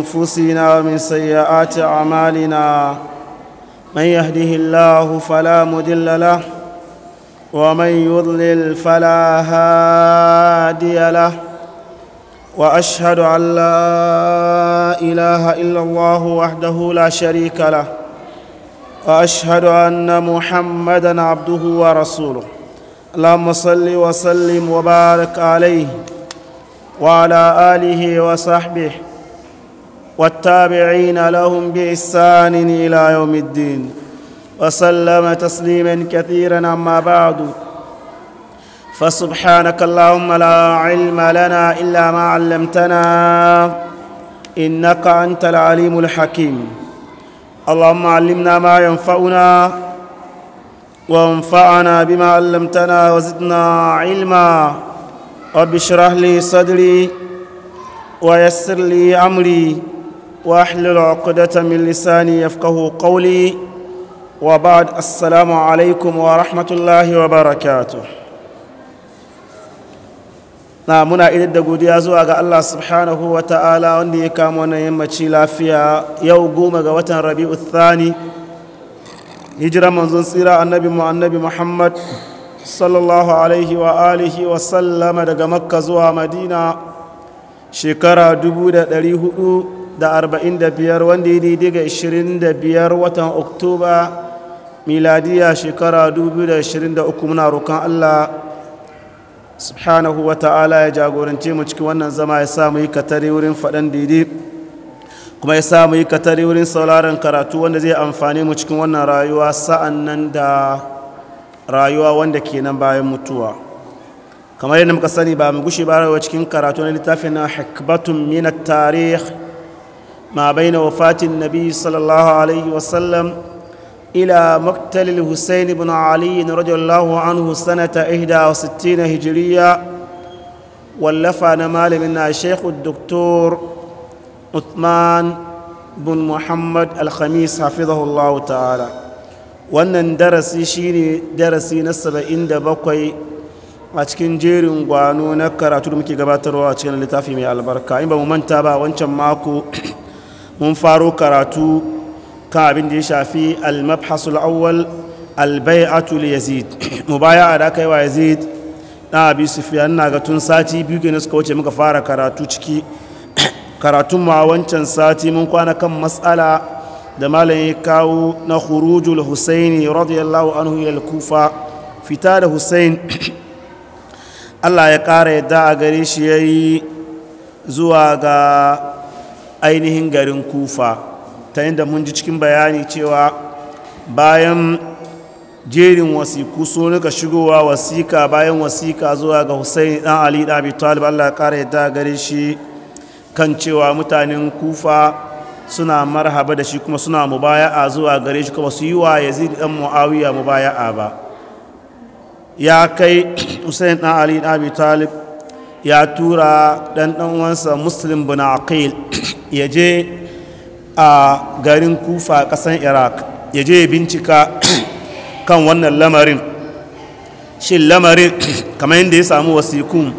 أنفسنا ومن سيئات أعمالنا من يهده الله فلا مضل له ومن يضلل فلا هادي له واشهد ان لا اله الا الله وحده لا شريك له واشهد ان محمدا عبده ورسوله اللهم صل وسلم وبارك عليه وعلى اله وصحبه والتابعين لهم باحسان الى يوم الدين وسلم تسليما كثيرا اما بعد فسبحانك اللهم لا علم لنا الا ما علمتنا انك انت العليم الحكيم اللهم علمنا ما ينفعنا وانفعنا بما علمتنا وزدنا علما رب اشرح لي صدري ويسر لي امري واحلل عقدة من لساني يفقه قولي وبعد السلام عليكم ورحمة الله وبركاته na muna idar da godiya zuwa ga Allah subhanahu wa ta'ala wanda ya kama wannan yammaci lafiya yau goma ga watan rabi'u thani hijiran manzon tsira annabi mu annabi muhammad sallallahu alaihi wa alihi wa sallama daga makka zuwa madina shekara hudu. da arba'in da biyar wanda ya daidai ga ishirin da biyar watan oktoba miladiya shekara dubu da ishirin da uku muna roƙon allah subhanahu wa ta'ala ya jagorance mu cikin wannan zama ya samu yi katare wurin faɗan daidai kuma ya samu yi katare wurin sauraron karatu wanda zai amfani mu cikin wannan rayuwa sa'an nan da rayuwa wanda ke nan bayan mutuwa kamar yadda muka sani ba mu gushe ba cikin karatu na littafin na hikbatun minat tarih ما بين وفاة النبي صلى الله عليه وسلم إلى مقتل الحسين بن علي رضي الله عنه سنة 61 هجرية ولفنا نمال منا الشيخ الدكتور عثمان بن محمد الخميس حفظه الله تعالى wannan darasi shine darasi na 77 a cikin jerin gwano na karatu da muke gabatarwa a cikin littafi mai albarka in ba mu manta ba wancan mako mun faro karatu kan abin da ya shafi al-mabhasul awwal al-bai'atu li yazid mubaya'a da kai wa yazid na abi sufyan na ga tun sati biyu kenan suka wuce muka fara karatu ciki karatun ma wancan sati mun kwana kan mas'ala da malam ya kawo na khurujul husaini radiyallahu anhu ila kufa fita da husain Allah ya ƙara yadda a gare shi yayi zuwa ga ainihin garin kufa ta yadda mun ji cikin bayani cewa bayan jerin wasiku so nuka shigowa wasika bayan wasika zuwa ga husaini dan ali da abi talib allah ya kara gare shi kan cewa mutanen kufa suna marhaba da shi kuma suna mubaya'a zuwa gare shi kuma su yi wa yazid dan muawiya mubaya'a ba ya kai husain dan ali da abi talib ya tura dan dan muslim bin aqil ya je a garin kufa kasan iraq ya je ya bincika kan wannan lamarin shin lamarin kamar yadda ya samu wasikun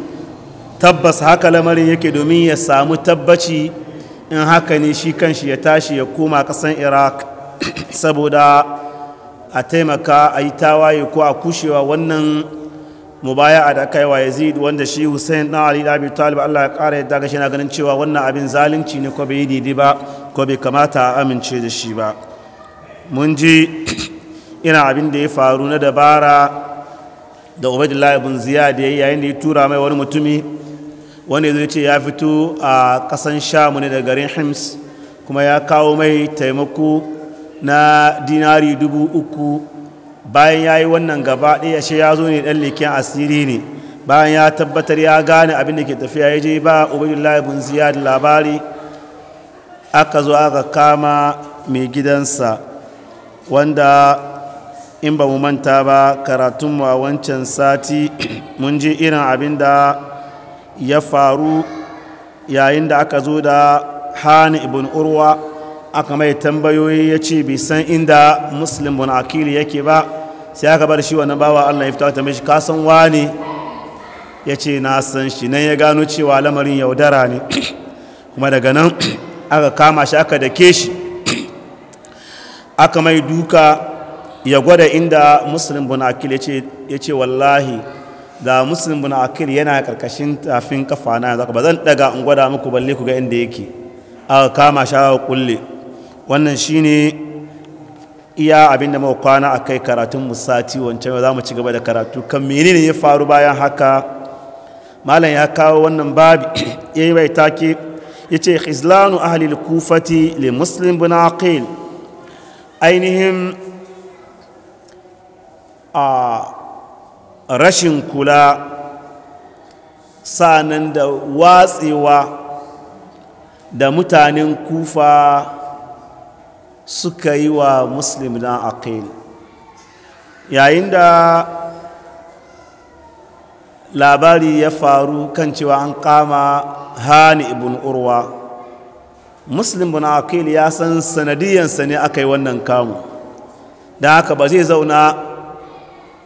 tabbas haka lamarin yake domin ya samu tabbaci in haka ne shi kanshi ya tashi ya koma kasan iraq saboda a taimaka a yi tawaye ko a kushewa wannan mubaya'a da kaiwa yazid wanda shi hussein dan ali da abi talib allah ya kara yadda ga shi na ganin cewa wannan abin zalunci ne ko bai didi ba ko bai kamata a amince da shi ba mun ji ina abin da ya faru na dabara da Ubaydullah ibn ziyad ya yayin da ya tura mai wani mutumi wanda ya ce ya fito a kasan shamu ne da garin hims kuma ya kawo mai taimako na dinari dubu uku bayan ya yi wannan gaba ɗaya shi ya zo ne ɗan leken asiri ne bayan ya tabbatar ya gane abin da ke tafiya ya je ba ubaidullah ibn ziyad labari aka zo aka kama mai gidansa wanda in ba mu manta ba karatunmu a wancan sati mun ji irin abin da ya faru yayin da aka zo da hani ibn urwa aka mai tambayoyi ya ce bai san inda muslim bin akili yake ba sai aka bar shi wannan bawa Allah ya fita ta mishi ka san wani ya ce na san shi nan ya gano cewa lamarin yaudara ne kuma daga nan aka kama shi aka dake shi aka mai duka ya gwada inda muslim bin akil ya ce wallahi da muslim bin akil yana karkashin tafin kafa na yanzu ba zan daga in gwada muku balle ku ga inda yake aka kama shi aka kulle wannan shine iya abinda mu kwana akai karatun musati wancan za mu ci gaba da karatu kan menene ya faru bayan haka malam ya kawo wannan babi yayi bai take yace khizlanu ahli al-kufati li muslim bin aqil ainihin a rashin kula sanan da watsewa da mutanen kufa suka yi wa muslim na aqil yayin da labari ya faru kan cewa an kama hani ibn urwa muslim na aqil ya san sanadiyansa ne aka yi wannan kamu da haka ba zai zauna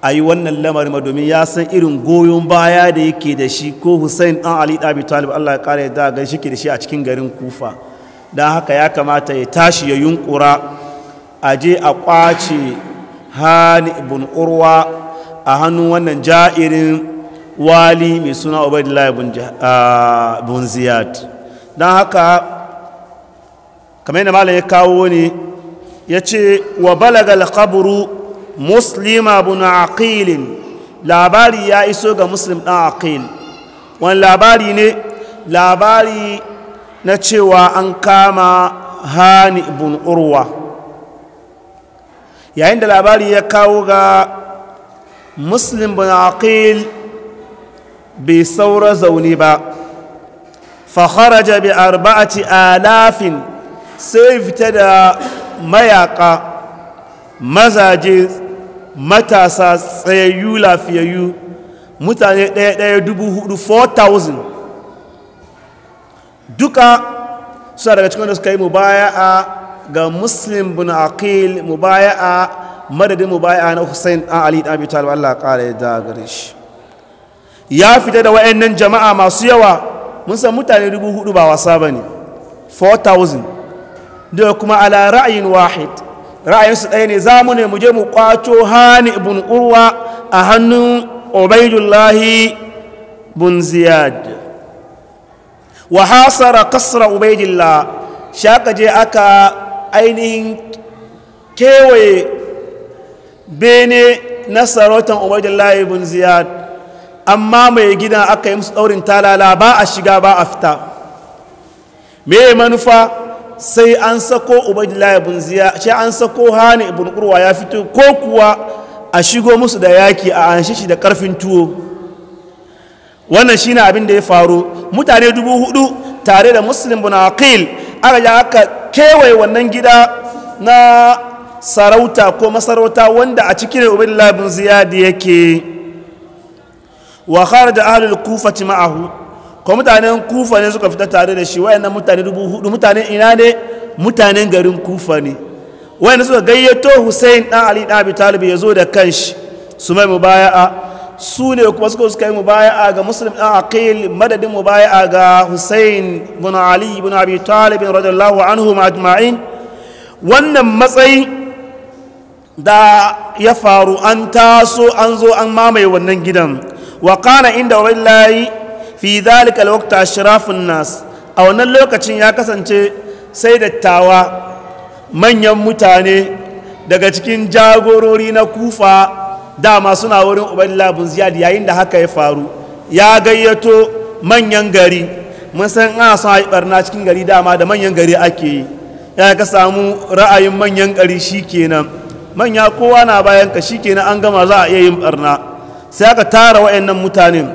a yi wannan lamarin ma domin ya san irin goyon baya da yake da shi ko hussein ɗan ali ɗabi talib allah ya ƙara yadda gan shi ke da shi a cikin garin kufa don haka ya kamata ya tashi ya yunkura a je a kwace hannu ibn urwa a hannu wannan ja'irin wali mai suna ubaidillah ibn ziyad don haka kamar yana malam ya kawo ne ya ce wa balaga kaburu muslima bin aqilin labari ya iso ga muslim ɗan aqil wani labari ne labari na cewa an kama hani ibn urwa yayin da labari ya kawo ga muslim bin aqil bai saura zaune ba fakharaja bi a lafin sai fita da mayaka mazaje matasa tsayayyu lafiyayyu mutane ɗaya ɗaya dubu hudu 4,000 duka suna daga cikin da suka yi mubaya'a ga muslim bin aqil mubaya'a madadin mubaya'a na hussein an ali dan abi talib Allah kare da gare shi ya fita da wayannan jama'a masu yawa mun san mutane dubu hudu ba wasa bane 4000 da kuma ala ra'ayin wahid ra'ayin su ɗaya ne za mu ne mu je mu kwato hani ibn urwa a hannun ubaidullahi bin ziyad wa hasara kasra ubaidillah shakaje je aka ainihin kewaye bene na sarautan ubaidillah ibn ziyad amma mai gina aka yi musu daurin talala ba a shiga ba a fita me manufa sai an sako ubaidillah ibn ziyad sai an sako hani ibn urwa ya fito ko kuwa a shigo musu da yaki a anshe shi da karfin tuwo wannan shine abin da ya faru mutane dubu hudu tare da muslim bin aqil aka ya aka kewaye wannan gida na sarauta ko masarauta wanda a cikin ubillah bin ziyadi yake wa kharaja ahlul kufati ma'ahu ko mutanen kufa ne suka fita tare da shi wayannan mutane dubu hudu mutanen ina ne mutanen garin kufa ne wayanda suka gayyato Hussein dan Ali dan Abi Talib ya zo da kanshi su mai mubaya'a su ne kuma suka suka yi mubaya'a ga muslim ɗan aqil madadin mubaya'a ga hussein bin ali bin abi talib radiyallahu anhu ajma'in wannan matsayi da ya faru an taso an zo an mamaye wannan gidan wa kana inda wallahi fi zalika alwaqt ashrafun nas a wannan lokacin ya kasance sai dattawa manyan mutane daga cikin jagorori na kufa dama suna wurin ubaidillah bin ziyad yayin da haka ya faru ya gayyato manyan gari mun san ana son a barna cikin gari dama da manyan gari ake yi ya ka samu ra'ayin manyan gari kenan manya kowa na bayan ka kenan an gama za a iya yin barna sai aka tara wayannan mutanen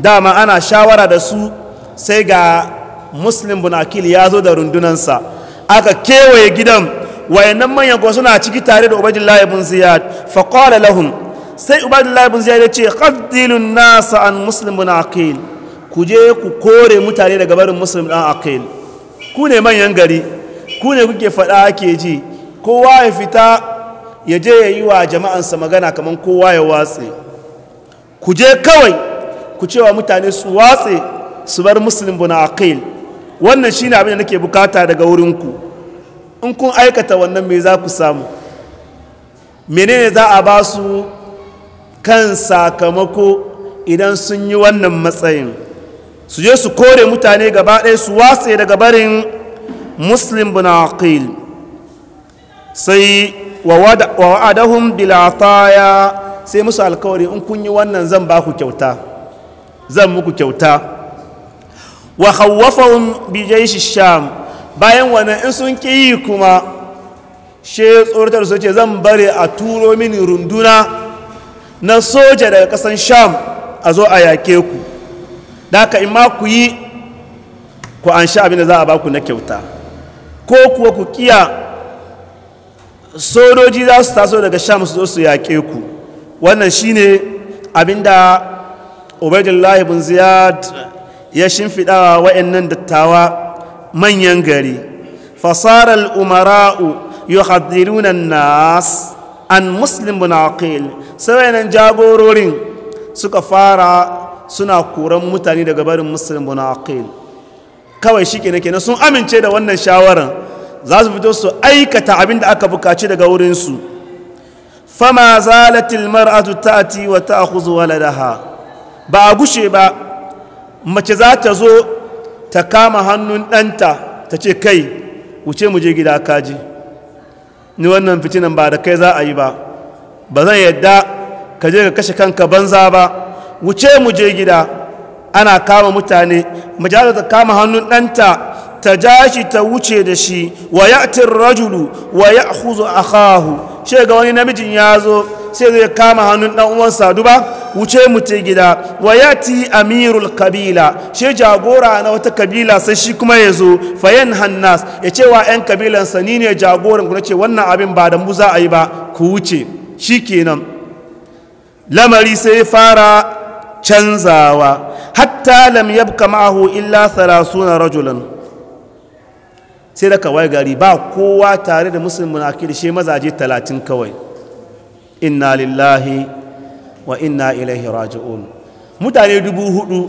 dama ana shawara da su sai ga muslim bin akil ya zo da rundunansa aka kewaye gidan wayannan manyan ko suna ciki tare da ubaidillahi bin ziyad qala lahum sai ubadullahi bin ziyar ya ce qaddilun nasa an muslim bin aqil ku je ku kore mutane daga barin muslim dan aqil ku ne manyan gari ku ne kuke fada ake ji kowa ya fita ya je ya yi wa jama'ansa magana kamar kowa ya watse ku je kawai ku cewa mutane su watse su bar muslim bin aqil wannan shine abin da nake bukata daga wurin ku in kun aikata wannan me za ku samu menene za a ba su kan sakamako idan sun yi wannan matsayin su je su kore mutane gaba ɗaya su watse daga barin muslim bin aqil sai wa wa'adahum bil ataya sai musu alkawari in kun yi wannan zan ba ku kyauta zan muku kyauta wa khawafahum bi jaysh sham bayan wannan in sun kiyi kuma she tsoratar su ce zan bare a turo mini runduna na soja daga kasan sham a zo a yake ku daga in ma ku yi ku an sha abin da za a baku na kyauta ko kuwa ku kiya sojoji za su taso daga sham su zo su yake ku wannan shine abin da ubaidullahi bin ziyad ya shimfiɗawa wa'annan dattawa manyan gari fasarar umara'u yuhaddiruna nas an muslim bin aqil sai nan jagororin suka fara suna koran mutane daga barin muslim bin aqil kawai shi kenan kenan sun amince da wannan shawaran za su fito su aikata abin da aka bukaci daga wurinsu fama zalatil mar'atu ta'ti wa ta'khudhu waladaha ba a gushe ba mace za ta zo ta kama hannun ɗanta ta ce kai wuce mu je gida kaji ni wannan fitinan ba da kai za a yi ba ba zan yadda ka je ka kashe kanka banza ba wuce mu je gida ana kama mutane majalar ta kama hannun ɗanta ta ja shi ta wuce da shi wa ya'tir rajulu wa ya'khudhu akhahu shega wani namijin ya zo sai zai kama hannun dan uwansa ba wuce mu gida wa ti amirul kabila shi jagora na wata kabila sai shi kuma ya zo fayan hannas ya ce wa yan kabilansa ni ne jagoran ku ce wannan abin ba da mu za a yi ba ku wuce shi kenan lamari sai fara canzawa hatta lam yabka ma'ahu illa thalathuna rajulan sai da kawai gari ba kowa tare da musulmi na shi mazaje talatin kawai inna lillahi wa inna ilaihi raji'un mutane dubu hudu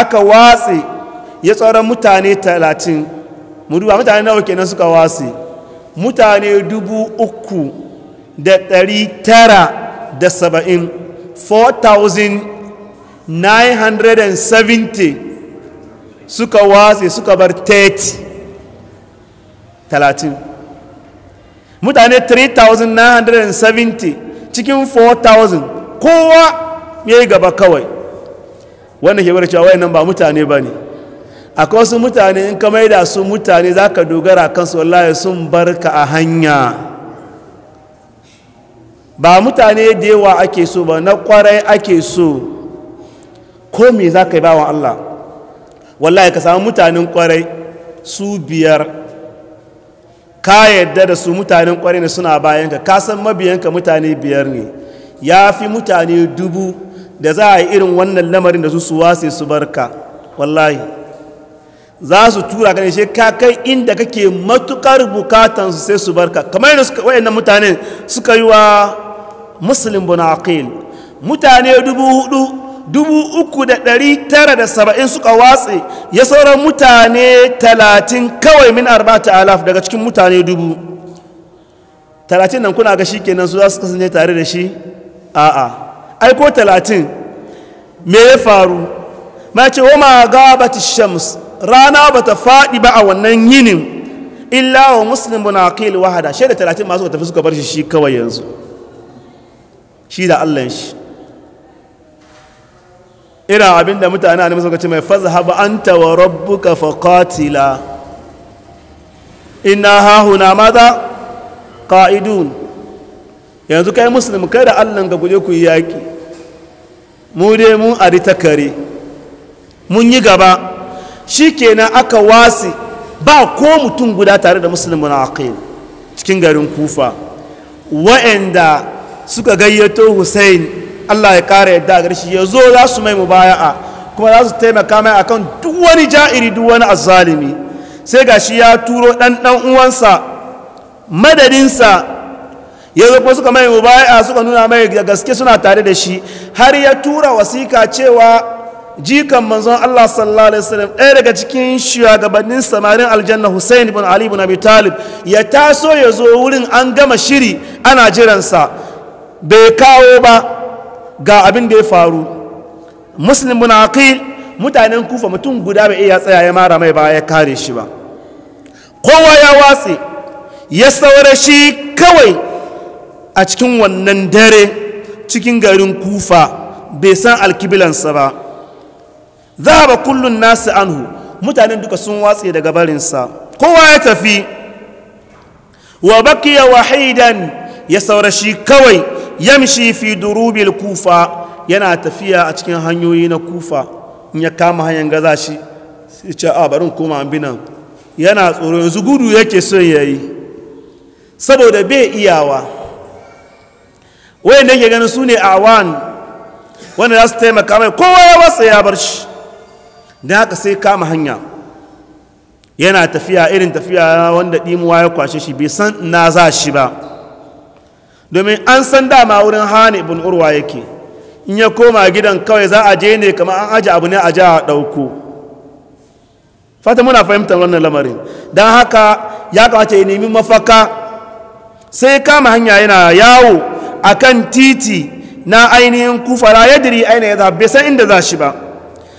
aka watsi ya tsoron mutane talatin muduba mutane nawa kenan suka watsi mutane dubu uku da dari tara da saba'in 4,970 suka watsi suka bar 30 talatin mutane 3,970 cikin 4,000 kowa ya yi gaba kawai wannan ke cewa wayan nan ba mutane ba ne akwai wasu mutane in ka maida su mutane za ka dogara kansu wallahi sun bar a hanya ba mutane da yawa ake so ba na kwarai ake so ko me za ka yi wa allah wallahi ka samu mutanen kwarai su biyar ka yadda da su mutanen kwarai ne suna bayanka ka san mabiyanka mutane biyar ne ya fi mutane dubu da za a yi irin wannan lamarin da su su wase su barka wallahi za su tura ka ne ka kai inda kake matukar su sai su barka kamar yadda waɗannan mutane suka yi wa muslim bin mutane dubu hudu saba'in suka watse ya sauran mutane talatin kawai min alaf daga cikin mutane dubu talatin nan kuna ga shi kenan su za su kasance tare da shi a'a aiko talatin me ya faru ma ce wa ma shams rana ba ta faɗi ba a wannan yinin illa wa muslim bin aqil wahada shaida talatin masu tafi suka bar shi shi kawai yanzu shi da Allah shi ira abinda mutane ne suka ce mai fazhab anta wa rabbuka faqatila inna hahuna madha qa'idun yanzu kai muslim kai da Allah ka guje ku yaki mu dai mun ari kare. mun yi gaba shikenan aka wasi ba ko mutum guda tare da musulmin aqil cikin garin kufa wa'anda suka gayyato Hussein Allah ya kara yadda a shi ya zo za su mai a kuma za su taimaka mai akan duk wani ja'iri duwani a zalimi sai gashi ya turo ɗanɗan uwansa madadinsa ya zo kuma suka mai mubaya'a suka nuna mai da gaske suna tare da shi har ya tura wasika cewa jikan manzon Allah sallallahu alaihi wasallam ɗaya daga cikin shugabannin samarin aljanna Hussein ibn Ali ibn Abi ya taso ya zo wurin an gama shiri ana jiransa bai kawo ba ga abin da ya faru muslim muna aqil mutanen kufa mutum guda bai iya tsaya ya mara mai ba ya kare shi ba kowa ya watsi ya saura shi kawai a cikin wannan dare cikin garin kufa bai san alkibilansa ba za ba kullum nasu anhu mutanen duka sun watsi daga barinsa kowa ya tafi wa bakiya wahidan ya saura shi kawai yamshi fi durubil kufa yana tafiya a cikin hanyoyi na kufa in ya kama hanyar gaza shi sai ce a barin koma an binan yana tsoro yanzu gudu yake son ya yi saboda bai iyawa wayan da ke ganin su ne a awan wanda za su taimaka mai kowa ya wasa ya bar shi da haka sai kama hanya yana tafiya irin tafiya wanda ɗimuwa ya kwashe shi bai san na za shi ba domin an san dama wurin hana ibn urwa yake in ya koma gidan kawai za a je ne kamar an aji abu ne a ja a ɗauko fata muna fahimtar wannan lamarin don haka ya kamata ya nemi mafaka sai kama hanya yana yawo a kan titi na ainihin kufara raye diri ainihin ya bai san inda za shi ba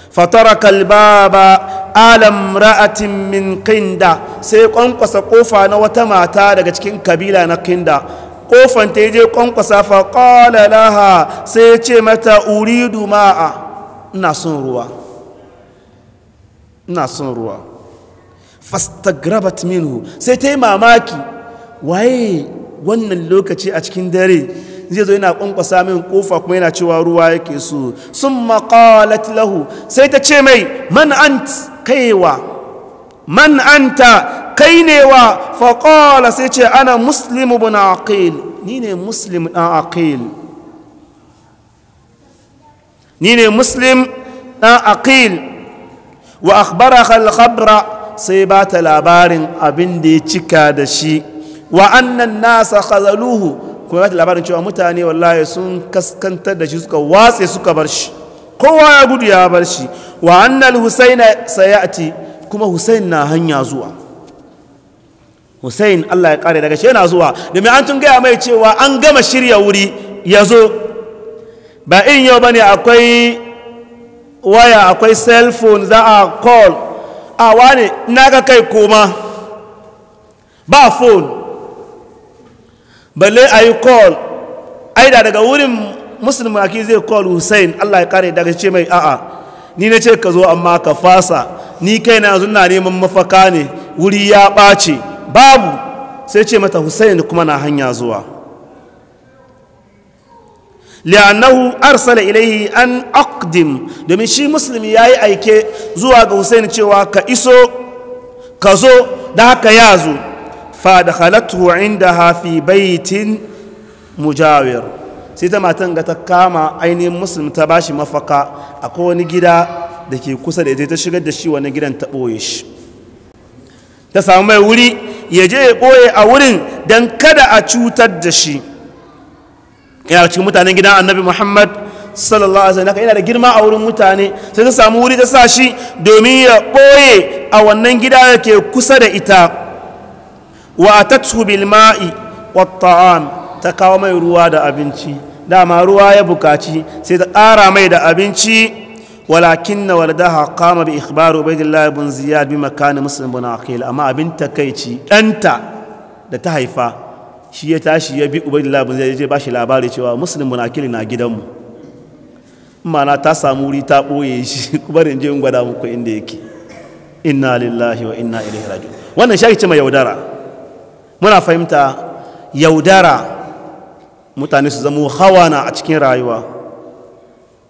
fatara kalba ba alam ra'atin min kinda sai kwankwasa kofa na wata mata daga cikin kabila na kinda kofanta ya je kwankwasa fa laha sai ya ce mata uridu ma'a ina son ruwa ina son ruwa fastagrabat minhu sai ta yi mamaki waye wannan lokaci a cikin dare zai zo yana kwankwasa min kofa kuma yana cewa ruwa yake so sun maƙalat lahu sai ta ce mai man ant kaiwa man anta kai ne wa faƙola sai ce ana muslimu na aqil ni ne muslim ɗan aqil ni ne muslim ɗan aqil wa akhbara khabra sai ba ta labarin abin da ya cika da shi wa annan nasa khazaluhu kuma ba ta labarin cewa mutane wallahi sun kaskantar da shi suka watse suka bar shi kowa ya gudu ya bar shi wa annan husaina sayati kuma hussein na hanya zuwa hussein allah ya kare daga shi yana zuwa domin an tun gaya mai cewa an gama shirya wuri ya zo ba in yau ba ne akwai waya akwai cell phone za a call a wane na ga kai koma ba phone balle a yi call aida daga wurin musulmi zai call hussein allah ya kare daga ce mai a'a ni na ce ka zo amma ka fasa ni kai na yanzu na neman mafaka ne wuri ya ɓace babu sai ce mata hussain kuma na hanya zuwa lianahu arsala ilaihi an aqdim domin shi musulmi ya yi aike zuwa ga husain cewa ka iso ka zo da haka ya zo fa da halattu inda hafi baitin mujawir sai ta matan ga ta kama ainihin muslim ta bashi mafaka a wani gida da ke kusa da ita ta shigar da shi wani gidan ta ɓoye shi ta samu mai wuri ya je ya ɓoye a wurin don kada a cutar da shi yana cikin mutanen gidan annabi muhammad sallallahu alaihi wasallam yana da girma a wurin mutane sai ta samu wuri ta sa shi domin ya ɓoye a wannan gida da ke kusa da ita wa ta ma'i wa ta kawo mai ruwa da abinci dama ruwa ya bukaci sai ta ƙara mai da abinci walakin na waladaha kama bi ikhbaru ubaidillah ibn ziyad bi makani musulun ibn aqil amma abin takeici ɗanta da ta haifa shi ya tashi ya bi ubaidillah ibn ziyad ya ba shi labari cewa musulun ibn aqil na gidanmu mana ta samu wuri ta ɓoye shi kuma rinje je in gwada muku inda yake inna lillahi wa inna ilaihi raji'un wannan shi ce mai yaudara muna fahimta yaudara mutane su zamo na a cikin rayuwa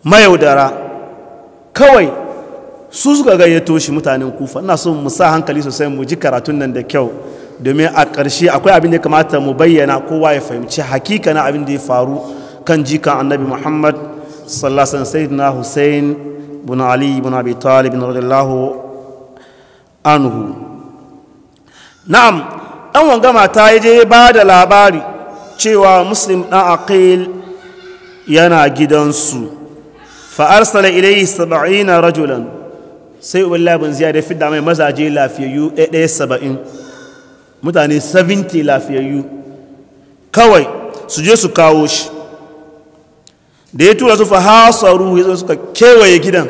mayaudara kawai su suka gayyato shi mutanen kufa ina so mu sa hankali sosai mu ji karatun nan da kyau domin a ƙarshe akwai abin da ya kamata mu bayyana kowa ya fahimci hakika na abin da ya faru kan jikan annabi muhammad sallasan sayyidina hussein bin ali bin abi talib bin radiyallahu anhu na'am ɗan wanga mata ya je ba da labari cewa muslim ɗan aqil yana gidansu fa'arsala ilayhi na rajulan sai ubin ziyar da fidda mai mazaje lafiyayyu ɗaya saba'in mutane 70 lafiyayyu kawai su je su kawo shi da ya tura su fa hasaru ya suka kewaye gidan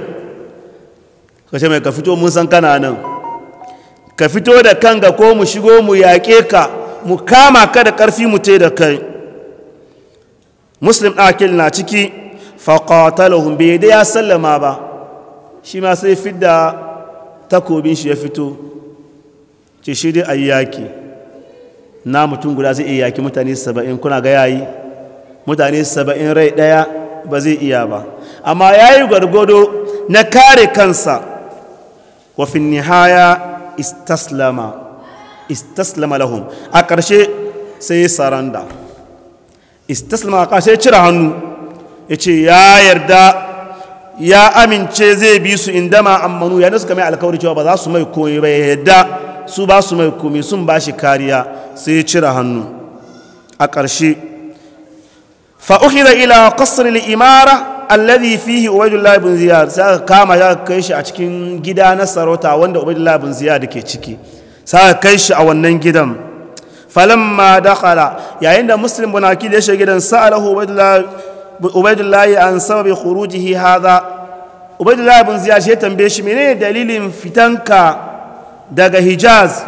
kashe mai ka fito mun san kana nan ka fito da kanka ko mu shigo mu yaƙe ka mu kama ka da ƙarfi mu da kai muslim ɗakil na ciki faƙatalahun bai da ya sallama ba shi ma sai fidda takobin shi ya fito ce shi dai ayi na mutum guda zai iya yaki mutane saba'in kuna ga yayi mutane saba'in rai ɗaya ba zai iya ba amma ya yi gwargwado na kare kansa wafin nihaya istaslama istaslama lahum a ƙarshe sai saranda istaslama a ƙarshe cire hannu ya ce ya yarda ya amince zai bi su inda ma ammanu ya suka mai alkawari cewa ba za su mai koyi ba ya yarda su ba su mai komi sun ba shi kariya sai ya cire hannu a ƙarshe fa'uhira ila ƙasar imara alladhi fihi ubaidullah ibn ziyad sai aka kama ya kai shi a cikin gida na sarauta wanda ubaidullah ibn ziyad ke ciki sa kai shi a wannan gidan falamma dakhala yayin da muslim bin akil ya shiga gidan sa'alahu ubaidullahi an sababi khurujihi hadha ubaidullahi bin ziyad ya tambaye shi menene dalilin fitanka daga hijaz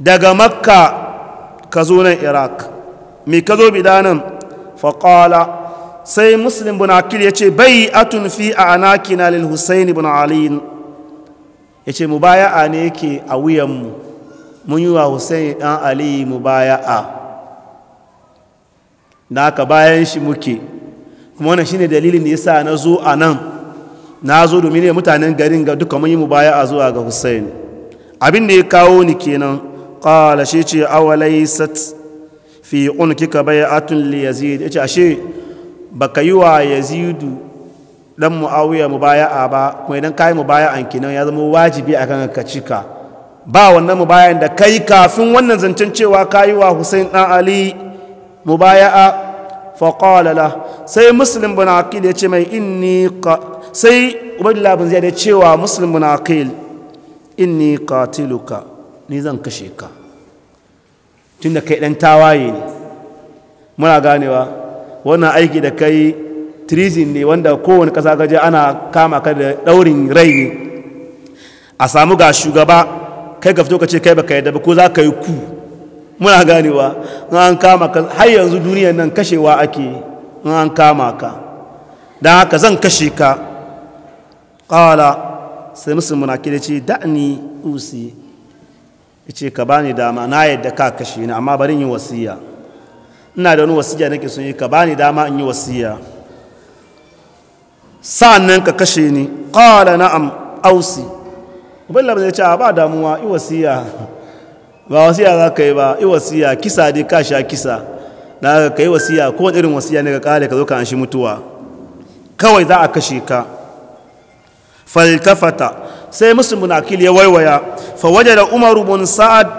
daga makka ka zo nan iraq me ka zo bidanan faqala sai muslim bin akil ya ce bai atun fi a anakina lil husaini bin aliyin ya ce mubaya'a ne yake a wuyanmu mun yi wa husaini ɗan aliyu mubaya'a na ka bayan shi muke kuma wannan shine dalilin da yasa na zo a nan na zo domin ne mutanen garin ga duka mun yi mubaya'a zuwa ga husaini abin da ya kawo ni kenan qala shi ce awalaysat fi unkika bai'atun li yazid yace ashe baka yi wa yazidu dan muawiya mubaya'a ba kuma idan kai mubaya'an kinan ya zama wajibi akan ka cika ba wannan mubaya'an da kai kafin wannan zancen cewa kayi wa Hussein dan Ali mubaya'a fa qala la sai muslim bin aqil ya ce mai inni sai ubaydullah bin ziyad ya ce wa muslim bin aqil inni qatiluka ni zan kashe ka tunda kai dan tawaye muna ganewa wannan aiki da kai treason ne wanda kowane kasa gaje ana kama ka da daurin rai ne a samu ga shugaba kai ka fito ka ce kai baka yadda ba ko za ka yi ku muna ganewa an kama ka har yanzu duniyar nan kashewa ake in an kama ka don haka zan kashe ka ƙawala sai musu muna kira ce da'ani usi ya ce ka bani dama na yadda ka kashe ni amma bari yi wasiya ina da wani wasiya nake sun yi ka bani dama in yi wasiya sa'annan ka kashe ni na am ausi uballa ba zai ce ba damuwa iwasiya ba wasiya za ka yi ba iwasiya kisa dai ka sha kisa da ka yi wasiya ko irin wasiya ne ka kare ka zo ka an shi mutuwa kawai za a kashe ka faltafata sai muslim bin ya waiwaya fa waje da umar bin sa'ad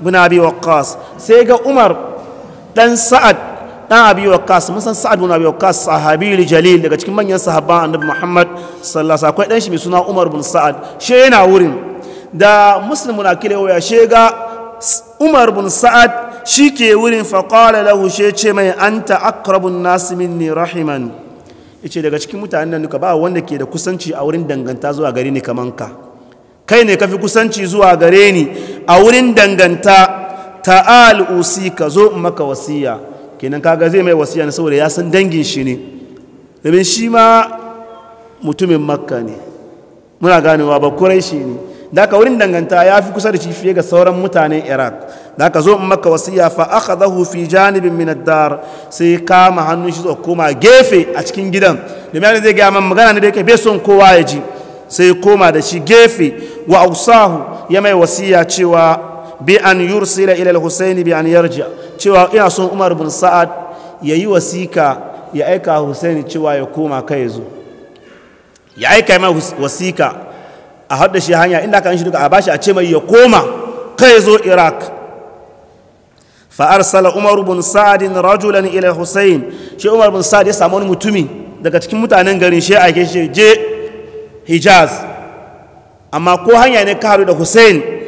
bin abi waqas sai ga umar dan sa'ad dan abi waqas mun san sa'ad ibn abi waqas sahabi jalil daga cikin manyan sahabban annabi muhammad sallallahu alaihi wasallam akwai dan shi mai suna umar bin sa'ad she yana wurin da muslim na kire waya she umar bin sa'ad shi ke wurin fa qala lahu she ce mai anta aqrabun nas minni rahiman yace daga cikin mutanen nan ka ba wanda ke da kusanci a wurin danganta zuwa gare ni kaman ka kai ne kafi kusanci zuwa gare ni a wurin danganta ta'al usi ka zo maka wasiya kenan kaga zai mai wasiya ne saboda ya san dangin shi ne domin shi ma mutumin makka ne muna ganewa ba kurai shi ne da aka wurin danganta ya fi kusa da shi fiye ga sauran mutanen iraq da aka zo maka wasiya fa aka zahu fi janibin minadar sai kama hannun shi koma gefe a cikin gidan domin yana zai gaya magana ne da yake bai son kowa ya ji sai koma da shi gefe wa ausahu ya mai wasiya cewa bi an yursila ila al-husayn bi an yarja cewa ina son umar bin sa'ad yayi wasika ya aika husayn cewa ya koma kai zo ya aika mai wasika a hadda shi hanya inda kan shi duka a bashi a ce mai ya koma kai zo iraq fa arsala umar bin sa'ad rajulan ila husayn shi umar bin sa'ad ya samu wani mutumi daga cikin mutanen garin shi aike shi je hijaz amma ko hanya ne ka haɗu da husayn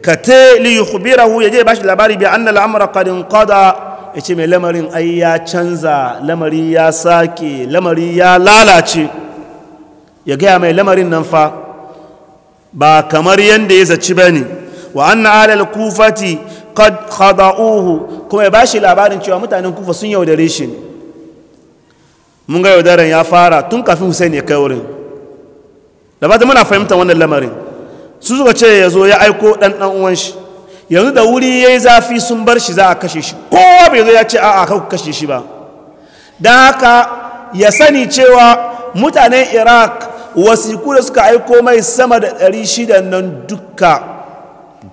ka li yukubira hu ya je bashi labari bi anna kadin kada Ya ce mai lamarin ai ya canza lamari ya sake lamari ya lalace ya gaya mai lamarin nan fa ba kamar yadda ya zaci ba ne wa na alal kufati kada uhu. kuma ya bashi labarin cewa mutanen kufa sun yaudare shi ne mun ga yaudaran ya fara tun kafin Hussein ya kai wurin da ba ta muna fahimtar wannan lamarin su suka ce ya zo ya aiko ɗan uwan shi yanzu da wuri ya yi zafi sun bar shi za a kashe shi kowa bai zo ya ce a'a aka kashe shi ba don haka ya sani cewa mutanen iraq wasiku da suka aiko mai sama da shida nan duka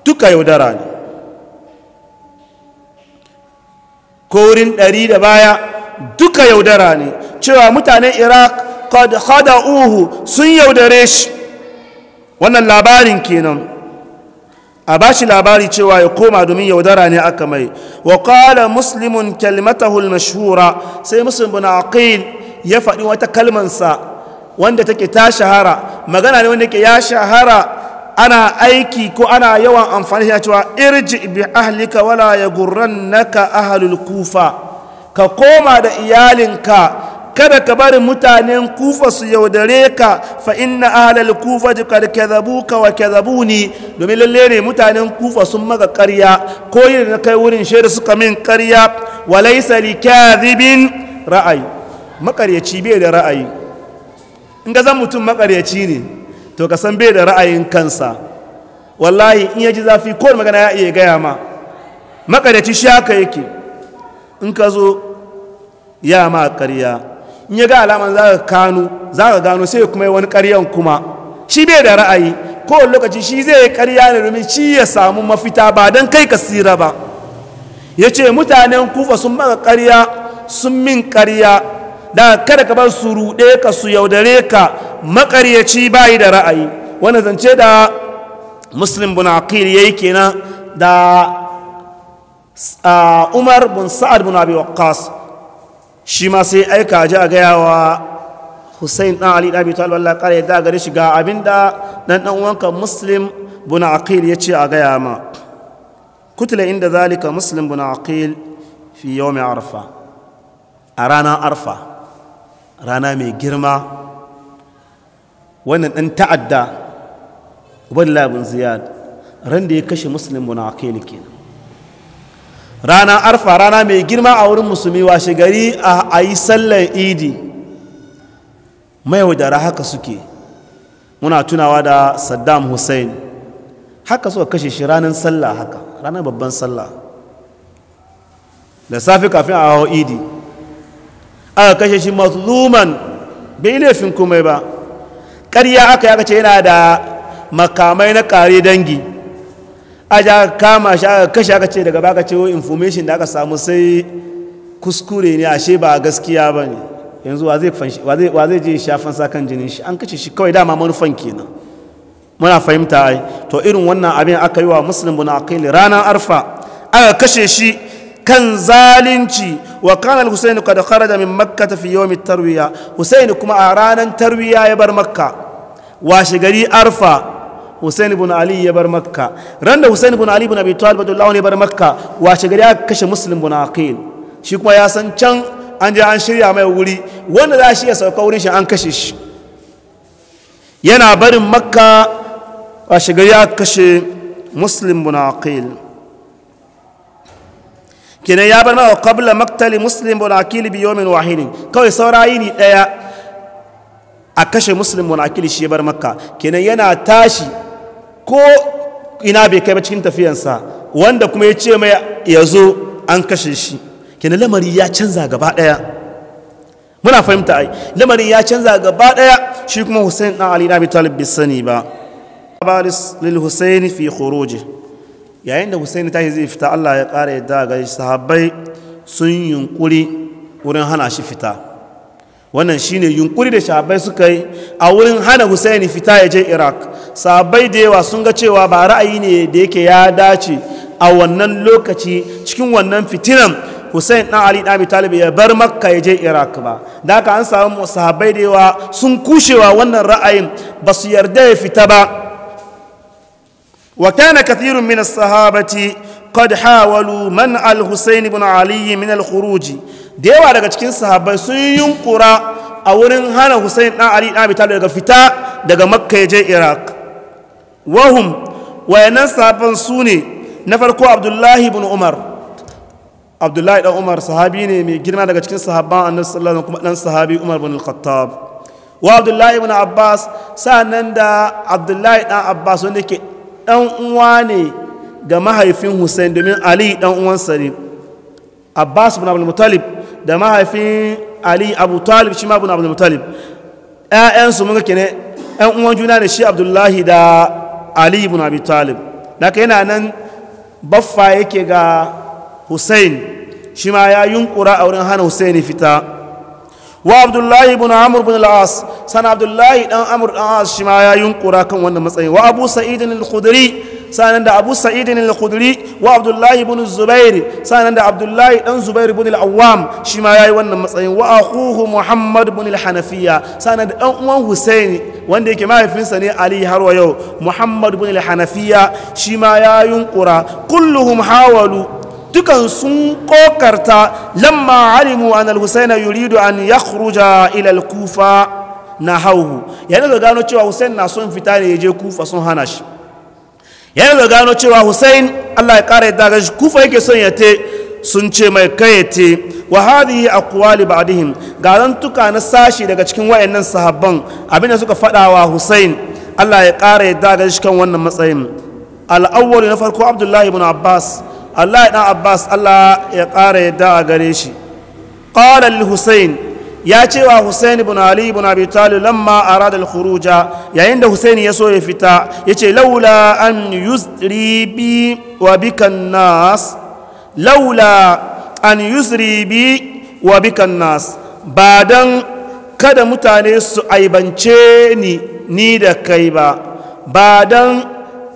duka yaudara ne ko wurin ɗari da baya duka yaudara ne cewa mutanen iraq kada uhu sun yaudare shi wannan labarin kenan a ba shi labari cewa ya koma domin yaudara ne aka mai wa qala muslimun kalmatahu mashhura sai muslim bin aqil ya faɗi wata kalmansa wanda take ta shahara magana ne wanda yake ya shahara ana aiki ko ana yawan amfani da cewa irji bi ahlika wala ya naka ahlul kufa ka koma da iyalinka kada ka bari mutanen kufa su yaudare ka fa inna ahlal kufa qad ka wa kadhabuni domin lalle ne mutanen kufa sun maka ƙarya ko yin na kai wurin shaida suka min karya wa laysa li kadhibin ra'ayi makaryaci bai da ra'ayi in ga zan mutum makaryaci ne to ka san bai da ra'ayin kansa wallahi in ya ji zafi ko magana ya iya gaya ma makaryaci shi haka yake in ka zo ya ma karya. in ya ga alaman za ka kano za ka gano sai kuma wani karyan kuma shi bai da ra'ayi ko lokaci shi zai yi karya ne domin ci ya samu mafita ba don kai ka sira ba ya ce mutanen kufa sun maka karya sun min karya da kada ka bar su ruɗe ka su yaudare ka makaryaci bayi da ra'ayi wannan zance da muslim bin aqil yayi kenan da ah, umar bin sa'ad bin abi waqqas shi ma sai aika ji a gaya wa hussein ɗan ali ɗabi ya allah ƙara yadda gare shi ga abin da ɗan ɗan uwanka muslim buna aqil ya ce a gaya ma kutula inda zalika muslim buna aqil fi yau mai arfa a ranar arfa rana mai girma wannan ɗan ta'adda wani labin ziyad ran da ya kashe muslim buna aqil kenan rana arfa rana mai girma a wurin musulmi washe gari a yi sallar idi mai wadara haka suke muna tunawa da saddam hussein haka suka kashe shi ranar sallah haka ranar babban sallah da safi kafin a hau idi aka kashe shi mazluman bai laifin komai ba ƙarya aka yaka ce yana da makamai na ƙare dangi ja kama shi aka kashe aka ce daga baka ce information da aka samu sai kuskure ne ashe ba gaskiya ba ne yanzu wa zai je shafan sa kan jinin shi an kashe shi kawai dama manufan kenan muna fahimta ai to irin wannan abin aka yi wa muslim bin aqil ranar arfa aka kashe shi kan zalunci wa kana al-husayn qad kharaja min makkah fi yawm at-tarwiya kuma a ranar tarwiya ya bar makka washe gari arfa Hussein ibn Ali ya bar Makka ran da Hussein ibn Ali ibn Abi Talib radiyallahu ya bar Makka washe gari aka kashe Muslim ibn Aqil shi kuma ya san can an je an shirya mai wuri wanda za shi ya sauka wurin shi an kashe shi yana barin Makka washe gari aka kashe Muslim ibn Aqil kenan ya bar Makka qabla maqtali Muslim ibn Aqil bi yawmin wahidin kawai saurayi ni daya a kashe muslim munakili shi bar makka kenan yana tashi ko ina bai kai ba cikin tafiyansa wanda kuma ya ce mai ya zo an kashe shi kenan lamari ya canza gaba daya muna fahimta ai lamarin ya canza gaba daya shi kuma hussein dan ali na bi bai sani ba baris lil husaini fi khuruji yayin da husaini ta zai fita allah ya ƙara yadda ga sahabbai sun yunkuri wurin hana shi fita wannan shi ne yunkuri da shabai suka yi a wurin hana husaini fita ya je iraq sabai da yawa sun ga cewa ba ra'ayi ne da yake ya dace a wannan lokaci cikin wannan fitinan hussein ɗan ali ɗan talib ya bar makka ya je iraq ba da haka an samu sahabai da yawa sun kushewa wannan ra'ayin ba su yarda ya fita ba wa kana kathirun min sahabati qad hawalu man al-husayn ibn ali min al da yawa daga cikin sahabbai sun yunkura a wurin hana husayn dan ali dan abi talib daga fita daga makka ya je iraq wahum wayanan sahabban su ne na farko abdullahi ibn umar abdullahi dan umar sahabi ne mai girma daga cikin sahabban annabi sallallahu alaihi wasallam kuma dan sahabi umar ibn al-khattab wa abdullahi ibn abbas sanan da abdullahi dan abbas wanda ke dan uwa ne ga mahaifin hussein domin ali dan uwansa ne abbas bin abdul mutalib da mahaifin ali abu talib shi ma bin abdul mutalib ƴaƴansu mun kene ƴan uwan juna ne shi abdullahi da ali bin abi talib daga yana nan baffa yake ga hussein shi ma ya yunkura a wurin hana hussein fita wa abdullahi bin amur bin al'as sana abdullahi dan amur dan as shi ma ya yunkura kan wannan matsayi. wa abu sa'id al-khudri sanan da abu sa'idin al-khudri wa abdullahi ibn zubair sanan da abdullahi dan zubair ibn al-awwam shi ma yayi wannan matsayin wa akhuhu muhammad ibn al-hanafiya sanan da dan uwan husaini wanda yake mahaifinsa ne ali har wa yau muhammad ibn al-hanafiya shi ma ya yunkura kulluhum hawalu dukan sun kokarta lamma alimu an al yuri yuridu an yakhruja ila al-kufa hauhu yana da gano cewa hussein na son fita ne ya je kufa sun hana shi yana da gano cewa hussein allah ya kara yadda gashi kufa yake son ya te sun ce mai kayyate wa hadhihi aqwali ba'dihim ga zantuka na sashi daga cikin wayannan sahabban abinda suka fada wa hussein allah ya kara yadda gashi kan wannan matsayin al na farko abdullahi ibn abbas allah ya dan abbas allah ya kara yadda gare shi qala Husain. ya ce wa Husaini ibn Ali Abi Talib lamma arada al-khuruja yayin da Husaini ya so ya fita yace laula an yusri bi wa bika nas laula an yusri bi wa bika nas ba kada mutane su aibance ni ni da kai ba ba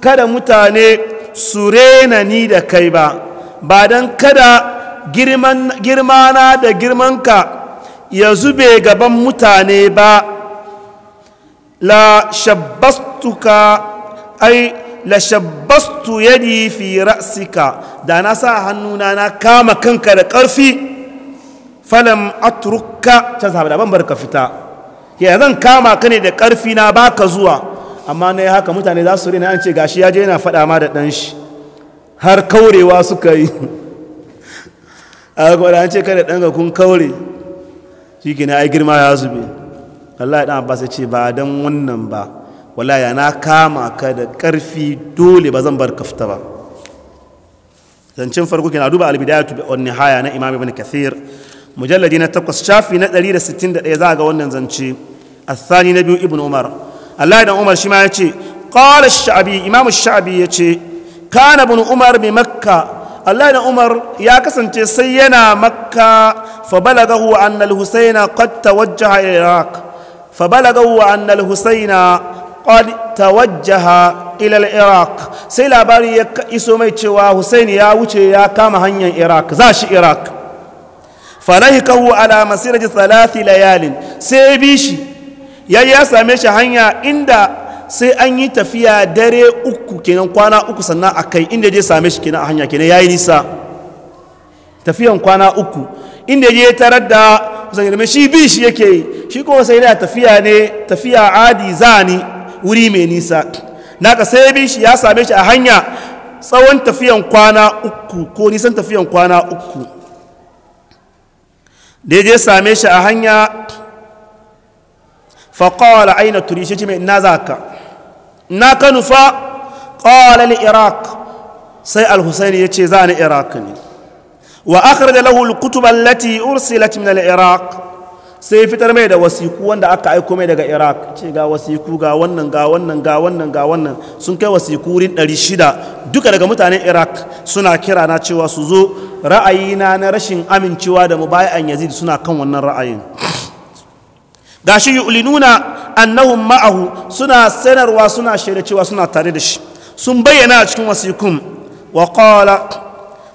kada mutane su rena ni da kai ba ba dan kada girman girmana da girmanka ya zube gaban mutane ba la shabbastuka ai la shabbastu yadi fi ra'sika da na sa hannuna na kama kanka da ƙarfi falam atrukka ta zaba da ban barka fita ya zan kama ka ne da ƙarfi na baka zuwa amma na yi haka mutane za su rina an ce gashi ya je yana faɗa ma da ɗan shi har kaurewa suka yi a gwada an ce kada ɗan ga kun kaure shi ke ai girma ya zube wallahi dan abbas ya ce ba dan wannan ba wallahi ya na kama ka da karfi dole ba zan bar kafta ba zancen farko kina duba albidayatu bi an nihaya na imam ibn kathir mujalladi na takwas shafi na 161 za ga wannan zance الثاني نبي ابن عمر الله يدعو عمر شما يتي قال الشعبي إمام الشعبي يتي كان ابن عمر بمكة Allah na Umar ya kasance sai yana makka fa balagahu anna al-Husaina qad tawajjaha ila Iraq fa balagahu al-Husaina qad tawajjaha ila iraq sai labari ya iso mai cewa Husaini ya wuce ya kama hanyar Iraq za shi Iraq falahikahu ala masirati thalathi layalin sai ya bi shi ya same shi hanya inda sai an yi tafiya dare uku kenan kwana uku sannan a kai inda je same shi kenan a hanya kenan ya yi nisa tafiyan kwana uku inda je tarar da kusan shi bi shi yake yi shi kuma sai da tafiya ne tafiya adi zani wuri mai nisa naka sai bi shi ya same shi a hanya tsawon tafiyan kwana uku ko nisan tafiyan kwana uku da ya je same shi a hanya faƙawar aina turi shi ce mai ina za ka na ka nufa ƙwalar iraq sai al-husaini ya ce za ni iraq ne wa akhar da lahul kutuban lati ursi min al-iraq sai fitar mai da wasiku wanda aka aiko mai daga iraq ce ga wasiku ga wannan ga wannan ga wannan ga wannan sun kai wasiku wurin 600 duka daga mutanen iraq suna kira na cewa su zo ra'ayina na rashin amincewa da mubayan yazid suna kan wannan ra'ayin gashi yu'linuna annahum ma'ahu suna sanarwa suna shaida cewa suna tare da shi sun bayyana a cikin wasikun wa qala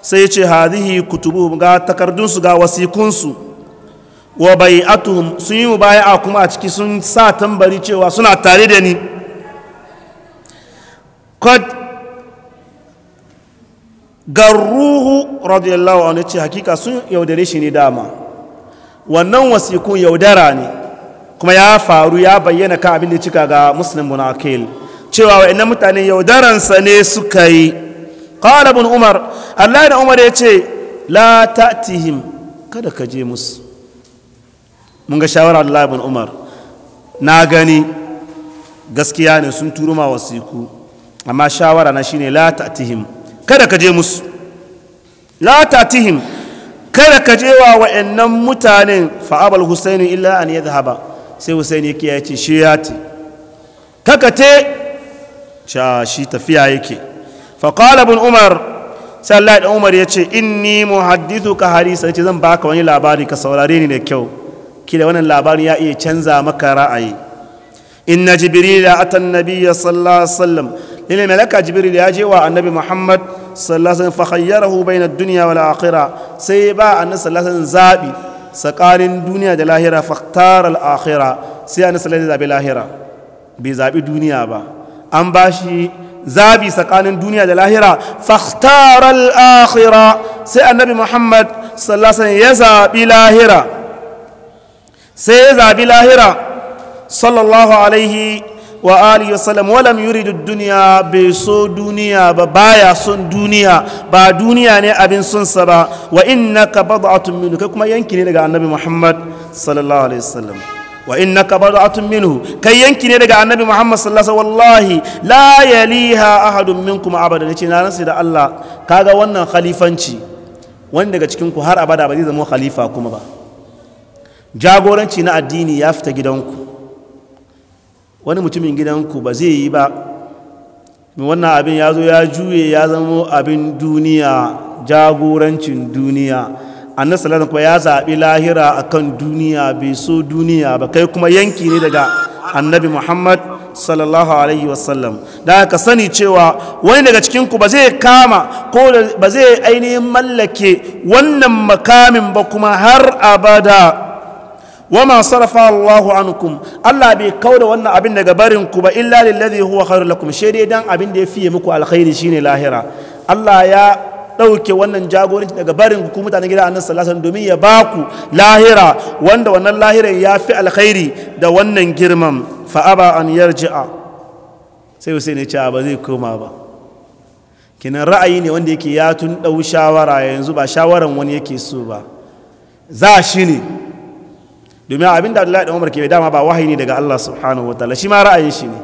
sai ce hadhihi kutubu ga takardun su ga wasikun su wa bai'atuhum sun yi mubaya'a kuma a ciki sun sa tambari cewa suna tare da ni qad garruhu radiyallahu anhu ce hakika sun yaudare shi ne dama wannan wasikun yaudara ne kuma ya faru ya bayyana kan abin da cika ga muslim bin akil cewa inna mutane yaudaransa ne suka yi qala ibn umar Allah da umar ya ce la ta'tihim kada ka je musu mun ga shawara Allah ibn umar na gani gaskiya ne sun turo ma wasiku amma shawara na shine la ta'tihim kada ka je musu la ta'tihim kada ka je wa wa'annan mutanen fa'abal husaini illa an yadhhaba sai husaini yake ya ce shi ya te kakate sha shi tafiya yake faƙalabin umar sallai da umar ya ce ni muhaddithu ka harisa ce zan baka wani labari ka saurare ni da kyau kila wannan labarin ya iya canza maka ra'ayi inna jibrila atan nabiyya sallallahu alaihi malaka jibril ya je wa annabi muhammad sallallahu alaihi wasallam fa khayyarahu bayna ad sai ba annabi sallallahu alaihi tsakanin duniya da lahira faktar al'akhira sai an salai da zaɓi lahira bai zaɓi duniya ba an ba shi zaɓi tsakanin duniya da lahira faktar al'akhira sai annabi muhammad sallasan ya zaɓi lahira sai ya zaɓi lahira sallallahu alaihi wa alihi wasallam walam yuridu duniya bai so duniya ba baya son duniya ba duniya ne abin sonsa ba wa innaka bad'atun minhu kai kuma yanki ne daga annabi Muhammad sallallahu alaihi wasallam wa innaka bad'atun minu kai yanki ne daga annabi Muhammad sallallahu alaihi wallahi la yaliha ahadun kuma abada ne ce na ransa da Allah kaga wannan khalifanci wani daga cikin ku har abada ba zai zama khalifa kuma ba jagoranci na addini ya fita gidanku wani mutumin gidanku ba zai yi ba wannan abin ya zo ya juye ya zama abin duniya jagorancin duniya annas kuma ya zaɓi lahira akan duniya bai so duniya ba kai kuma yanki ne daga annabi muhammad sallallahu alaihi wasallam da ka sani cewa wani daga cikinku ba zai kama ko ba zai ainihin mallake wannan makamin ba kuma har abada wama sarrafa Allahu ankum Allah bai kauda wannan abin daga barin ku ba illa lillazi huwa khairul lakum shi dai dan abin da ya fiye muku alkhairi shine lahira Allah ya dauke wannan jagoranci daga barin ku mutanen gida annabi sallallahu alaihi domin ya baku lahira wanda wannan lahira ya fi alkhairi da wannan girman fa aba an yarji'a sai Hussein ya ce ba zai koma ba kinan ra'ayi ne wanda yake ya tun dau shawara yanzu ba shawaran wani yake so ba za shi ne domin abin da Abdullahi dan Umar ke dama ba wahayi ne daga Allah subhanahu wataala shi ma ra'ayin shi ne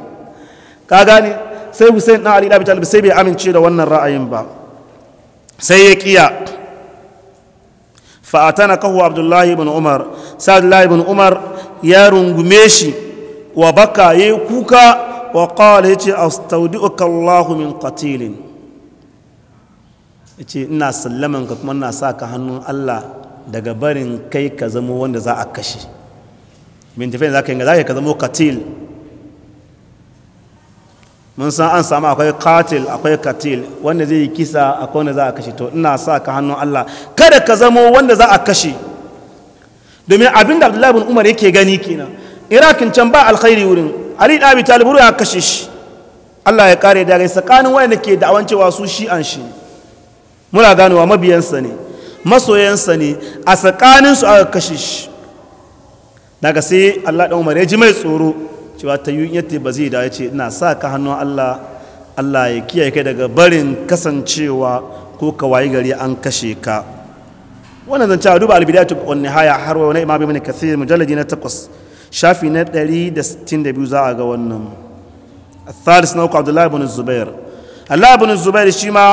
ka gane sai Hussein dan Ali da Abi sai bai amince da wannan ra'ayin ba sai ya kiya fa atana kahu Abdullahi ibn Umar sai Abdullahi ibn Umar ya rungume shi wa baka yi kuka wa qala yace astaudi'uka min qatilin yace ina sallaman ka kuma ina sa ka hannun Allah daga barin kai ka zamo wanda za a kashe min tafiya za ka yi za ka zamo katil mun san an samu akwai katil akwai katil wanda zai yi kisa akwai wanda za a kashe to ina sa ka hannun Allah kada ka zama wanda za a kashe domin abin da Abdullahi bin Umar yake gani kenan Irakin can ba alkhairi wurin Ali da Abi Talib ya kashe shi Allah ya kare da gaisa tsakanin wanda ke da'awan cewa su shi an shi muna ganowa mabiyansa ne masoyansa ne a tsakaninsu aka kashe shi daga sai Allah ɗan umar ya ji mai tsoro cewa ta yi yadda ba zai da ya ce ina sa ka hannu Allah Allah ya kiyaye kai daga barin kasancewa ko ka wayi gari an kashe ka wannan zan cewa duba albidatu wani haya har wa wani imam ibn kathir mujalladi na takwas. shafi na 162 za a ga wannan الثالث نوك عبد الله بن الزبير الله بن الزبير شيما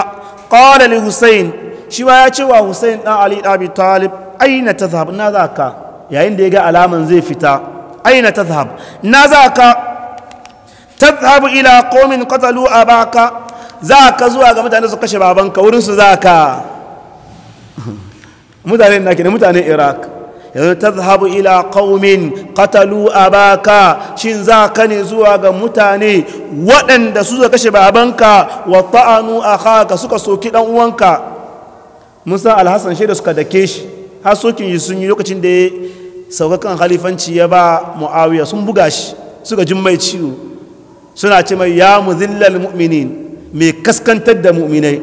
قال لحسين shi ma ya ce wa Hussein dan Ali da Talib aina zahab na za ka yayin da ya ga alaman zai fita aina zahab na za ka zahab ila kwatalu a abaka za ka zuwa ga mutane su kashe babanka wurin su za ka mutanen na da mutanen Iraq yanzu tazhabu ila qaumin a abaka shin za ka ne zuwa ga mutane waɗanda su suka kashe babanka wa ta'anu haka suka soki ɗan uwanka musa san alhassan shaida suka dake shi har sokin yi sun yi lokacin da ya saukakan halifanci ya ba mu'awiya sun buga shi suka jin mai ciwo suna ce mai ya mu zillar mu'minin mai kaskantar da mu'minai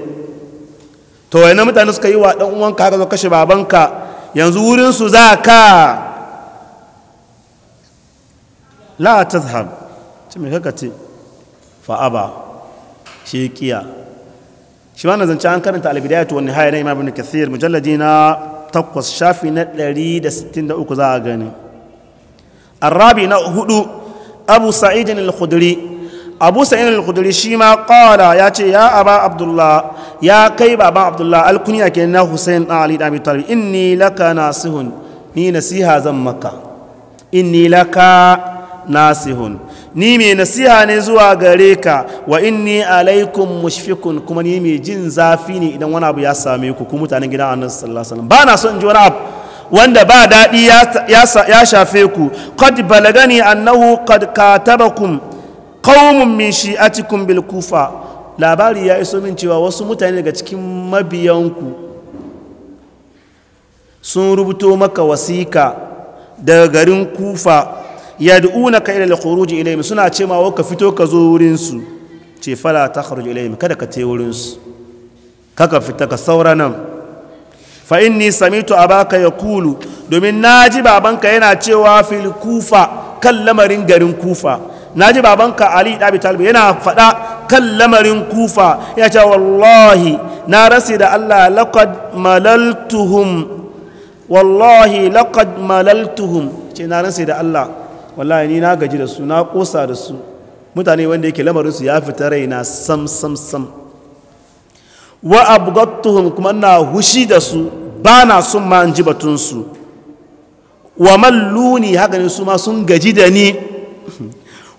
to wani mutane suka yi wa ɗan uwanka haka zo kashe babanka yanzu wurin su za ka la ce mai fa'aba shekiya shi wannan zance an karanta albidayatu wani haya na imam ibn kathir mujallaji na takwas shafi na 163 za a gani arabi na hudu abu sa'idin al-khudri abu sa'idin al-khudri shi ma qala ya ce ya aba abdullah ya kai baba abdullah al-kunya ke na husayn dan ali da abi talib inni laka nasihun ni nasiha zan maka inni laka nasihun ni mai nasiha ne zuwa gare ka wa inni alaikum mushfikun kuma ni mai jin zafi ne idan wani abu ya same ku ku mutanen gidan annabi sallallahu ba na so in ji wani abu wanda ba daɗi ya shafe ku qad balagani annahu qad katabakum qaumun min shi'atikum bil kufa labari ya iso min cewa wasu mutane daga cikin mabiyanku sun rubuto maka wasika daga garin kufa ka ila al-khuruj ilayhim suna ce ma ka fito ka zo wurin su ce fala takhruj ilayhim kada ka te wurin su kaka fita ka saura nan fa inni samitu abaka yaqulu domin naji babanka yana cewa fil kufa kan lamarin garin kufa naji babanka ali dabi talib yana fada kan lamarin kufa ya ce wallahi na rasi da Allah laqad malaltuhum wallahi laqad malaltuhum ce na rasi da Allah wallahi ni na gaji da su na kosa da su mutane wanda yake lamarinsu ya fita raina sam sam sam wa abgattuhum kuma na hushi da su ba na sun ma ji batunsu wa malluni haka ne su ma sun gaji da ni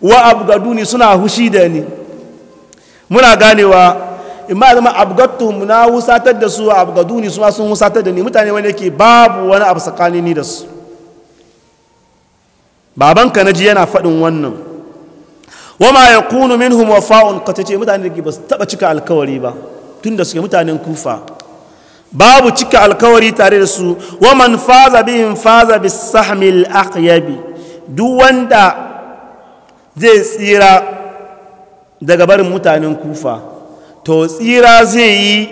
wa abgaduni suna hushi da ni muna ganewa imma zama abgattuhum na wusatar da su wa abgaduni su ma sun wusatar da ni mutane wanda yake babu wani abu tsakanin ni da su babanka na ji yana faɗin wannan wama ya kunu min humo wafa'un ka ce mutane da ba su taɓa cika alkawari ba tun da suke mutanen kufa babu cika alkawari tare da su waman faza bihim faza bi sahamil aqyabi duk wanda zai tsira daga barin mutanen kufa to tsira zai yi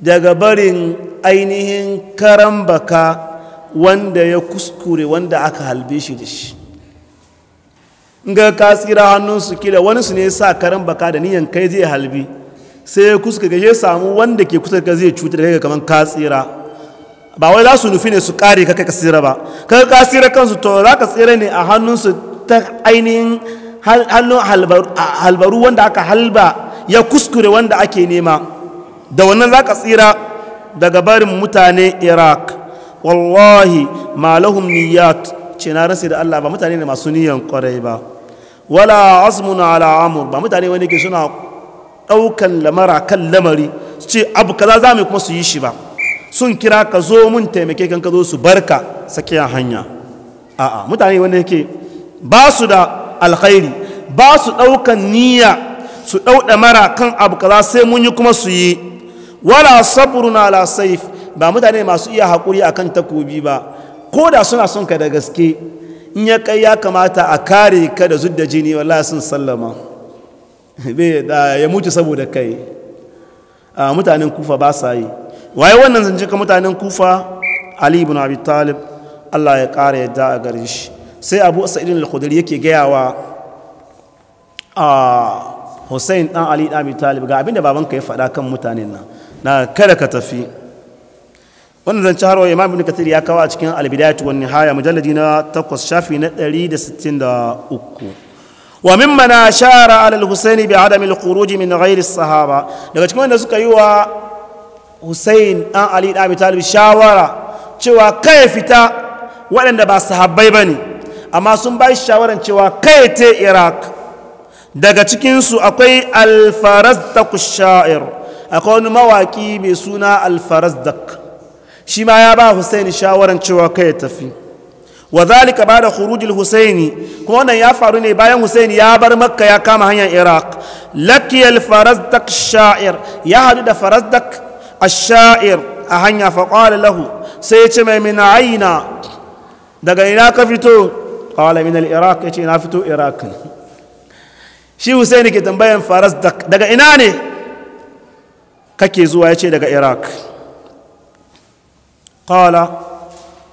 daga barin ainihin karambaka wanda ya kuskure wanda aka halbe shi da shi ga ka tsira hannunsu kila wani su ne sa karan baka da niyan kai zai halbi sai ya kuska gaje samu wanda ke kusa ka zai cutar daga kamar ka ba wai za su nufi ne su kare ka kai ka ba ka ka tsira kansu to za ka tsira ne a hannunsu ta ainihin hannun halbaru wanda aka halba ya kuskure wanda ake nema da wannan za ka tsira daga barin mutane iraq wallahi ma lahum niyyat ce na rasa da Allah ba mutane ne masu niyan kwarai ba wala azmun ala amr ba mutane wani ke suna daukan lamara kan lamari su ce abu kaza za mu kuma su yi shi ba sun kira ka zo mun taimake kan ka zo su barka sakiya hanya a'a mutane wani ke ba su da alkhairi ba su daukan niyya su ɗauɗa mara kan abu kaza sai mun yi kuma su yi wala sabrun ala saif ba mutane masu iya haƙuri a kan takobi ba ko da suna son ka da gaske in ya kai ya kamata a kare ka da zudda jini wallahi sun sallama ya mutu saboda kai a mutanen kufa ba sa yi waye wannan zance ka mutanen kufa ali ibn abi talib allah ya ƙara yadda a gare shi sai abu sa'idin al-khudri yake gaya wa a hussein dan ali dan abi talib ga abinda babanka ya faɗa kan mutanen nan na kada ka tafi wannan zance harwa imam ibn kathir ya kawo a cikin albidayatu wan nihaya mujalladi na 8 shafi na 163 wa mimma na shara ala al-husayn bi adam al-khuruj min ghairi sahaba daga cikin wanda suka yi wa husayn an ali da abi talib shawara cewa kai fita waɗanda ba sahabbai bane amma sun ba shi shawaran cewa kai ta iraq daga cikinsu akwai alfarazdak sha'ir akwai wani mawaki mai suna alfarazdak shi ma ya ba Hussaini shawaran cewa kai ya tafi wa zalika ba da khurujil husaini kuma wannan ya faru ne bayan husaini ya bar makka ya kama hanyar iraq lakiyal farazdak sha'ir ya hadu da farazdak ash-sha'ir a hanya faqala lahu sai ya ce mai min aina daga ina ka fito qala min al-iraq yace na fito iraq shi husaini ke tambayan farazdak daga ina ne kake zuwa yace daga iraq qala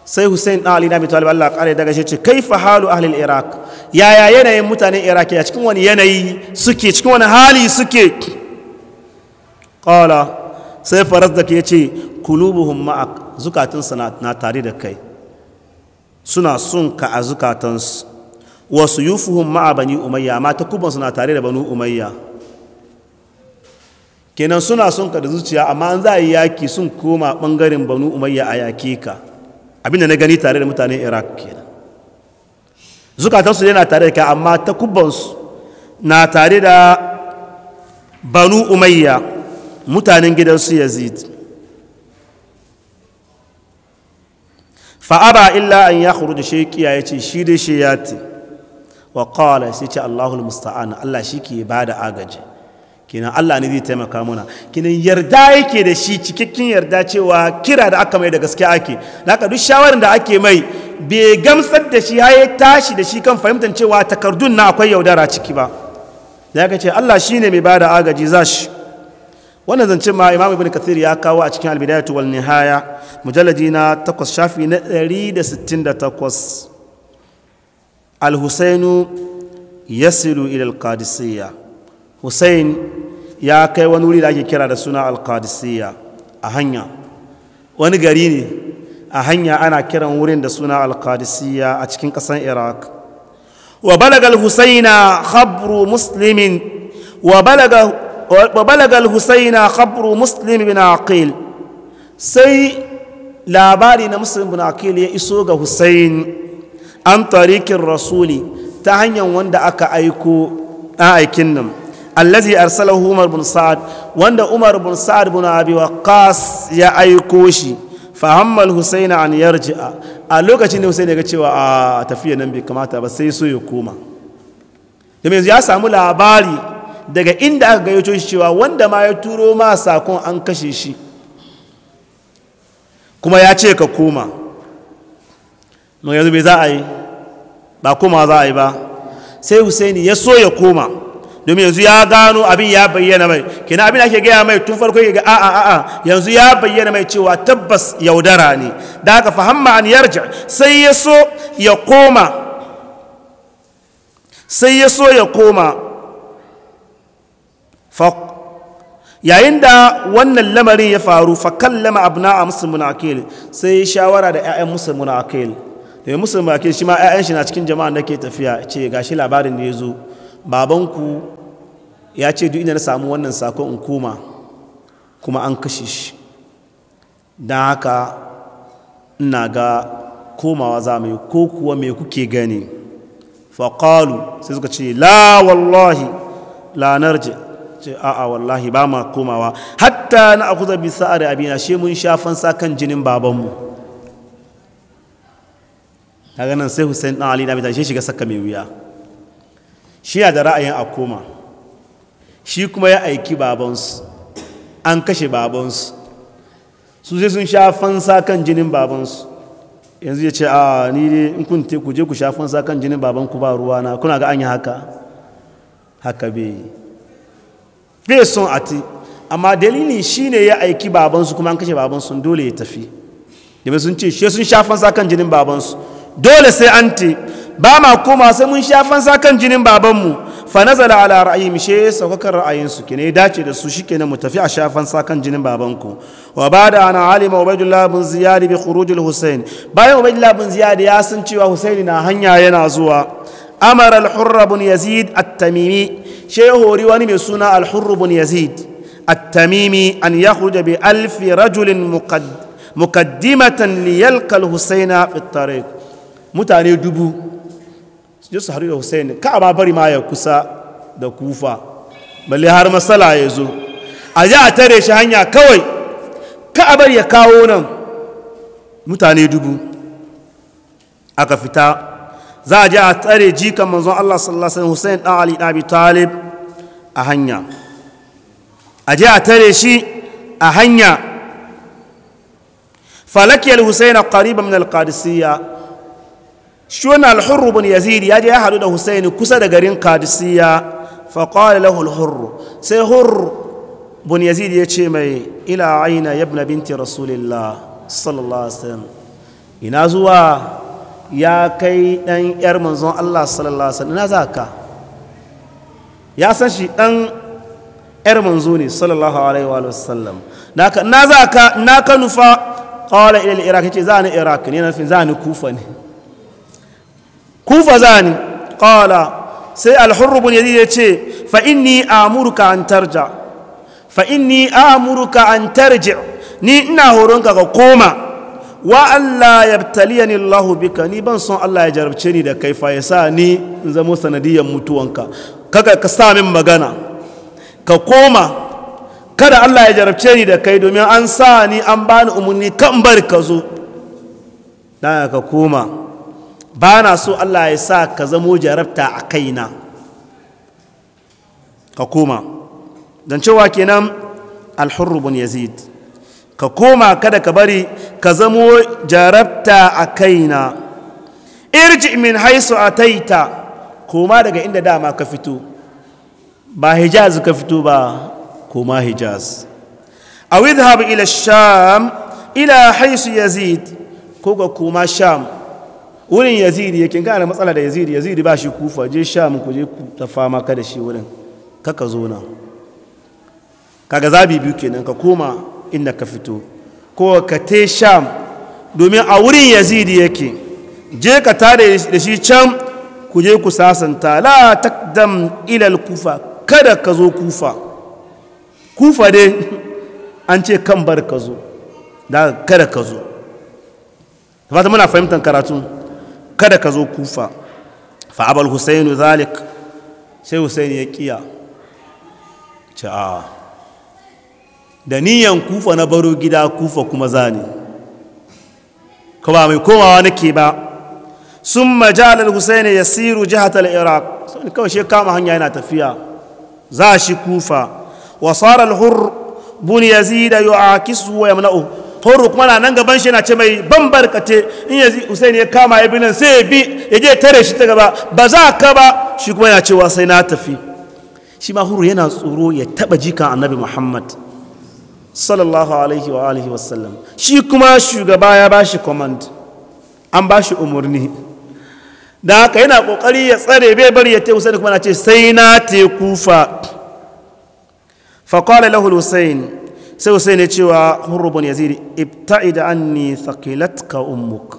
sai hussein ɗan ali na bitu Allah ƙare daga shi ce kai fa halu halin iraq yaya yanayin mutanen iraq ya cikin wani yanayi suke cikin wani hali suke ƙala sai faras da ke ce kulubuhum ma'ak zukatunsa na tare da kai suna sun ka a wasu yufuhum ma'a bani umayya mata kubansu na tare da banu umayya kenan suna son ka da zuciya amma an za a yi yaki sun koma bangaren banu umayya a yake ka abinda na gani tare da mutanen iraq kenan zukatansu yana tare da ka amma kubbansu na tare da banu umayya mutanen gidansu yazid fa'aba illa an ya kuru da shekiya ya ce shi dai shi ya ce wa kawala sai ce allahul musta'an allah shi ke ba da agaji kenan Allah ne zai taimaka muna kenan yarda yake da shi cikakken yarda cewa kira da aka mai da gaske ake da aka duk shawarar da ake mai bai gamsar da shi ya tashi da shi kan fahimtar cewa takardun na akwai yaudara ciki ba da aka ce Allah shine mai bada agaji za shi wannan zancen ma imam ibn kathir ya kawo a cikin albidayatu wal nihaya mujalladi na 8 shafi na 168 al-husainu yasilu ila al-qadisiyya husain ya kai wani wuri da ake kira da suna alkadisiyya a hanya wani gari ne a hanya ana kiran wurin da suna alkadisiyya a cikin ƙasar iraq wa balagal husaina khabru muslimin wa balagal husaina khabru muslim bin aqil sai labari na muslim bin aqil ya iso ga husain an tarikin rasuli ta hanyar wanda aka aiko a aikin nan allazi arsalahu umar bin sa'ad wanda umar bin sa'ad bin abi ya aiko shi fa hammal husaina an yarji'a a lokacin da husain ya ga cewa a tafiya nan bai kamata ba sai so ya koma ya samu labari daga inda aka gayyato shi cewa wanda ma ya turo ma sakon an kashe shi kuma ya ce ka koma mai yanzu bai za a yi ba koma za a yi ba sai husaini ya so ya koma domin yanzu ya gano abin ya bayyana mai kina abin ake gaya mai tun farko ya ga a'a a'a yanzu ya bayyana mai cewa tabbas yaudara ne da haka fahamma an yarja sai ya so ya koma sai ya so ya koma yayin da wannan lamarin ya faru fa kallama abna'a muslimun akil sai shawara da 'ya'yan muslimun akil da musulmuna akil shi ma 'ya'yan shi na cikin jama'a da ke tafiya ce gashi labarin da ya zo babanku ya ce duk inda na samu wannan sakon in koma kuma an kashe shi don haka ina ga komawa za mai ko kuwa mai kuke gani faƙalu sai suka ce la wallahi lanar narji ce a wallahi ba ma komawa hatta na akuza bi sa'ar abina shi mun shafan sa kan jinin babanmu ta ganin sai Hussein ɗan alina shiga saka mai wuya shi ya da ra'ayin a koma shi kuma ya aiki babansu an kashe babansu su zai sun sha fansa kan jinin babansu yanzu ya ce a ni dai in kun te ku je ku sha fansa kan jinin babanku ba ruwa na kuna ga an yi haka haka bai bai son ati amma dalili ne ya aiki babansu kuma an kashe babansu dole ya tafi domin sun ce shi sun sha fansa kan jinin babansu dole sai an te ba ma koma sai mun sha fansa kan jinin babanmu fa nazala ala ra'ayi mishe saukakan ra'ayinsu kene ya dace da su shikenan mu tafi a sha fansa kan jinin babanku wa bada ana alima ubaidullah bin ziyad bi khurujil husayn bayan ubaidullah bin ziyad ya san cewa husayn na hanya yana zuwa amara al-hurr bin yazid at-tamimi she hori wani mai suna al-hurr bin yazid at-tamimi an yakhruja bi alfi rajulin muqaddimatan liyalqa al-husayna fi at-tariq mutane dubu je su da Hussein ka ba bari ma ya kusa da kufa balle har matsala ya zo a ji a tare shi hanya kawai ka a bari ya kawo nan mutane dubu aka fita za a ji a tare jikan manzon Allah sallallahu Alaihi Hussein ɗan Ali ɗabi Talib a hanya a ji a tare shi a hanya falakiyar Hussein a ƙariban min al shi wani alhurru bin yazid ya je ya hadu da husaini kusa da garin kadisiya faƙawar lahul hurru sai hurru bin yazid ya ce mai ila aina ya yabna binti rasulillah sallallahu alaihi wasallam ina zuwa ya kai ɗan ‘yar manzon Allah sallallahu alaihi wasallam ina za ka ya san shi ɗan ‘yar manzo ne sallallahu alaihi wasallam na za ka na ka nufa ƙawar ila iraq ya ce za ni iraq ne na fi za ni kufa ne kufa za ni sai alhurrubun yadda ya ce fa'inni amurka an tarja fa'inni amurka an tarji ni ina horonka ka koma wa Allah ya taliya ni bika ni ban son Allah ya jarabce ni da kaifa ya sa ni in zamo sanadiyyar mutuwanka kaga ka sa min magana ka koma kada Allah ya jarabce ni da kai domin an sa ni an bani umarni kan bar ka zo da ka koma ba na so Allah ya sa ka zamo jarabta a kaina ka koma don cewa kenan alhurrubun yazid ka koma kada ka bari ka zamo jarabta a kaina irji min haisu a taita koma daga inda dama ka fito ba hijaz ka fito ba koma hijaz a ila sham ila haisu yazid ko ga koma sham wurin yazidi yake kana matsala da yazidi yazidi ba shi kufa je sha mu kuje ku ta fama ka da shi wurin kaka zo nan kaga zabi biyu kenan ka koma inda ka fito ko ka te sham domin a wurin yazidi yake je ka tare da shi can ku je ku sasanta la takdam ilal kufa kada ka zo kufa kufa dai an ce kan bar ka zo da kada ka zo fata muna fahimtar karatu kada ka zo kufa fa abal husainu zalik sai husaini ya kiya ce a da niyan kufa na baro gida kufa kuma zani ka ba mai komawa nake ba sun majalar husaini ya siru jihatar iraq sun kawai kama hanya yana tafiya za shi kufa wasarar hur bun yazida yu'akisu wa yamna'u faru kuma na nan gaban shi na ce mai ban barkate in yanzu Hussein ya kama ya binan sai ya bi ya je tare shi ta gaba ba za ka ba shi kuma yana cewa sai na tafi shi ma huru yana tsoro ya taba jikan annabi Muhammad sallallahu alaihi wa alihi wasallam shi kuma shugaba ya ba shi command an ba shi umarni da haka yana kokari ya tsare bai bari ya ta usaini kuma na ce sai na te kufa fa qala lahu sai sai ne cewa hurrubun yazid ibta'id anni thaqilatka ummuk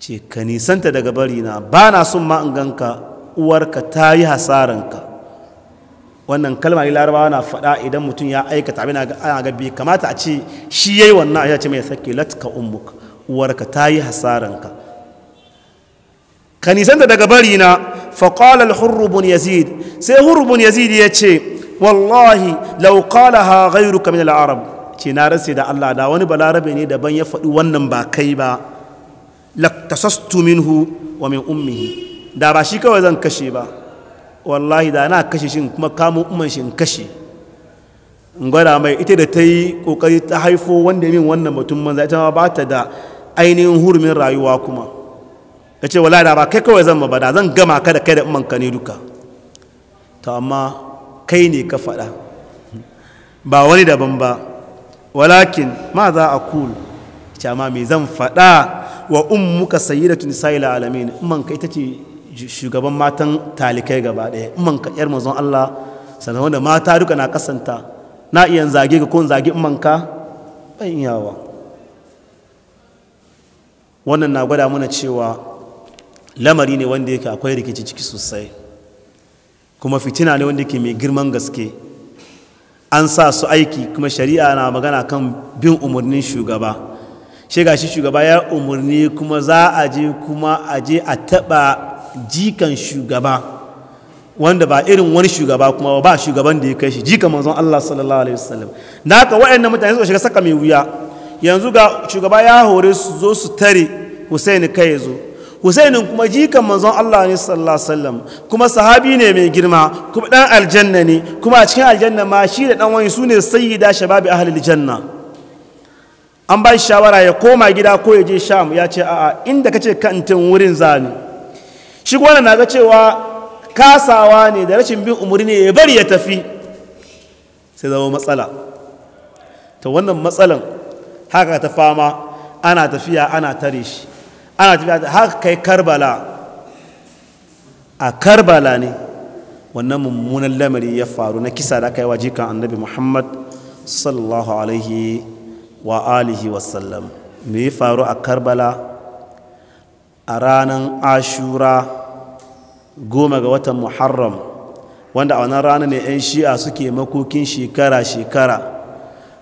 ce ka nisanta daga bari na ba na son ma in ganka uwarka ta yi hasaranka wannan kalmar larabawa na faɗa idan mutum ya aikata abin ana gabi kamata a ce shi yayi wannan ya ce mai thaqilatka ummuk uwarka ta yi hasaranka ka nisanta daga bari na faqala al yazid sai hurrubun yazid ya ce wallahi law qalaha ghayruka min al ce na rantse da Allah da wani balarabe ne daban ya faɗi wannan ba kai ba laktasastu minhu wa min ummihi da ba shi kawai zan kashe ba wallahi da na kashe shi kuma kamun umman shi kashe in gwada mai ita da ta yi kokari ta haifo wanda min wannan batun manza ita ba ta da ainihin hurumin rayuwa kuma ya ce wallahi da ba kai kawai zan ba da zan gama ka da kai da umman ka ne duka to amma kai ne ka faɗa ba wani daban ba walakin ma za a kul cama mai zan faɗa wa muka sayi da sayyidatu nisa'il alamin umman ka ita ce shugaban matan talikai gaba ɗaya umman ka yar mazan Allah sannan wanda mata duka na kasanta na iya zage ka ko zage umman ka ban yawa wannan na gwada mana cewa lamari ne wanda yake akwai rikici ciki sosai kuma fitina ne wanda ke mai girman gaske an sa su aiki kuma shari'a na magana kan bin umarnin shugaba shi gashi shugaba ya umarni kuma za a je kuma a je a taɓa jikan shugaba wanda ba irin wani shugaba kuma ba shugaban da ya kai shi jikan manzon Allah sallallahu alaihi wasallam da haka waɗannan mutane suka shiga saka mai wuya yanzu ga shugaba ya hore su zo su tare Hussein kai ya zo husainin kuma jikan manzon Allah ne sallallahu alaihi wasallam kuma sahabi ne mai girma kuma dan aljanna ne kuma a cikin aljanna ma shi da dan wani sune sayyida shababi ahlil janna an ba shawara ya koma gida ko ya je sham ya ce a'a inda kace kantin wurin zani shi wannan na ga cewa kasawa ne da rashin bin umarni ya bari ya tafi sai zama matsala ta wannan matsalan haka ta fama ana tafiya ana tare shi ana tafiya har kai karbala a karbala ne wannan mummunan lamari ya faru na kisa da aka yi wa annabi muhammad sallallahu alaihi wa alihi wasallam me ya faru a karbala a ranar ashura goma ga watan muharram wanda a wannan rana ne 'yan shi'a suke makokin shekara-shekara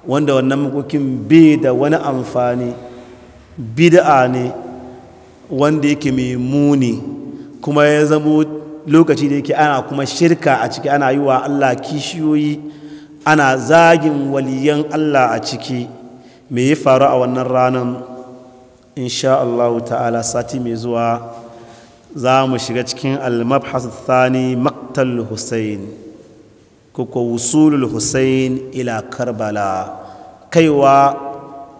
wanda wannan makokin bai da wani amfani bid'a ne wanda yake mai muni kuma ya zamo lokaci da yake ana kuma shirka a ciki ana yi wa Allah kishiyoyi ana zagin waliyan Allah a ciki mai ya faru a wannan ranar insha Allah ta'ala sati mai zuwa za mu shiga cikin al thani maktal Hussein kuka wusulul Hussein ila Karbala kaiwa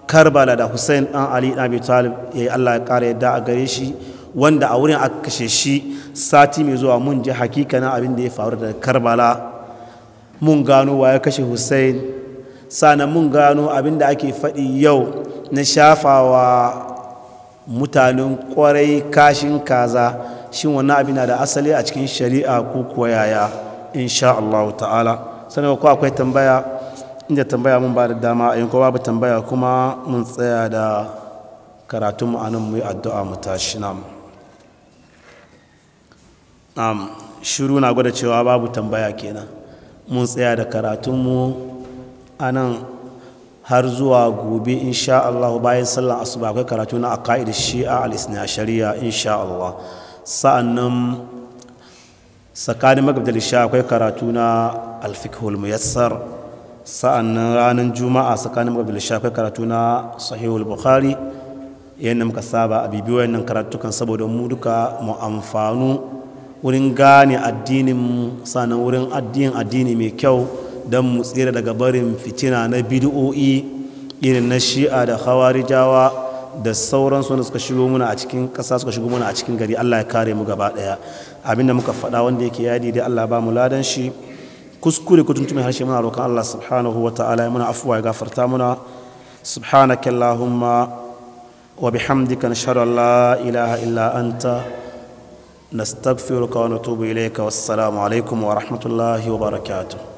karbala da hussein dan ali dan abi talib ya yi allah ya kara yadda a gare shi wanda a wurin aka kashe shi sati mai zuwa mun ji na abin da ya faru da karbala mun gano wa ya kashe hussein sannan mun gano abin da ake faɗi yau na shafawa mutanen kwarai kashin kaza shi wannan abin na da asali a cikin shari'a ko kuwa yaya insha allahu ta'ala sannan ko akwai tambaya inda tambaya mun ba da dama a yin kowa ba tambaya kuma mun tsaya da karatun ma'anin mu yi addu'a mu tashi nam am shiru na gwada cewa babu tambaya kenan mun tsaya da karatunmu a nan har zuwa gobe insha Allah bayan sallan asuba akwai karatu na aqaid shi'a al-isna shari'a insha Allah sa'annan tsakanin magabdal shi'a akwai karatu na al-fiqhul muyassar sa'an ranar juma'a tsakanin muka bilisha shafi karatu na sahihul bukhari yadda muka saba a bibiyo nan karatukan saboda mu duka mu amfanu wurin gane addinin wurin addinin addini mai kyau don mu tsira daga barin fitina na bidu'o'i irin na shi'a da jawa da sauran suna suka shigo muna a cikin ƙasa suka shigo muna a cikin gari allah ya kare mu gaba ɗaya abinda muka faɗa wanda yake yadi da allah ba mu ladan shi كسكولي كتنتمي هاشي من الله الله سبحانه وتعالى من أفوى يغفر تامنا سبحانك اللهم وبحمدك نشهر الله اله الا انت نستغفرك ونتوب اليك والسلام عليكم ورحمه الله وبركاته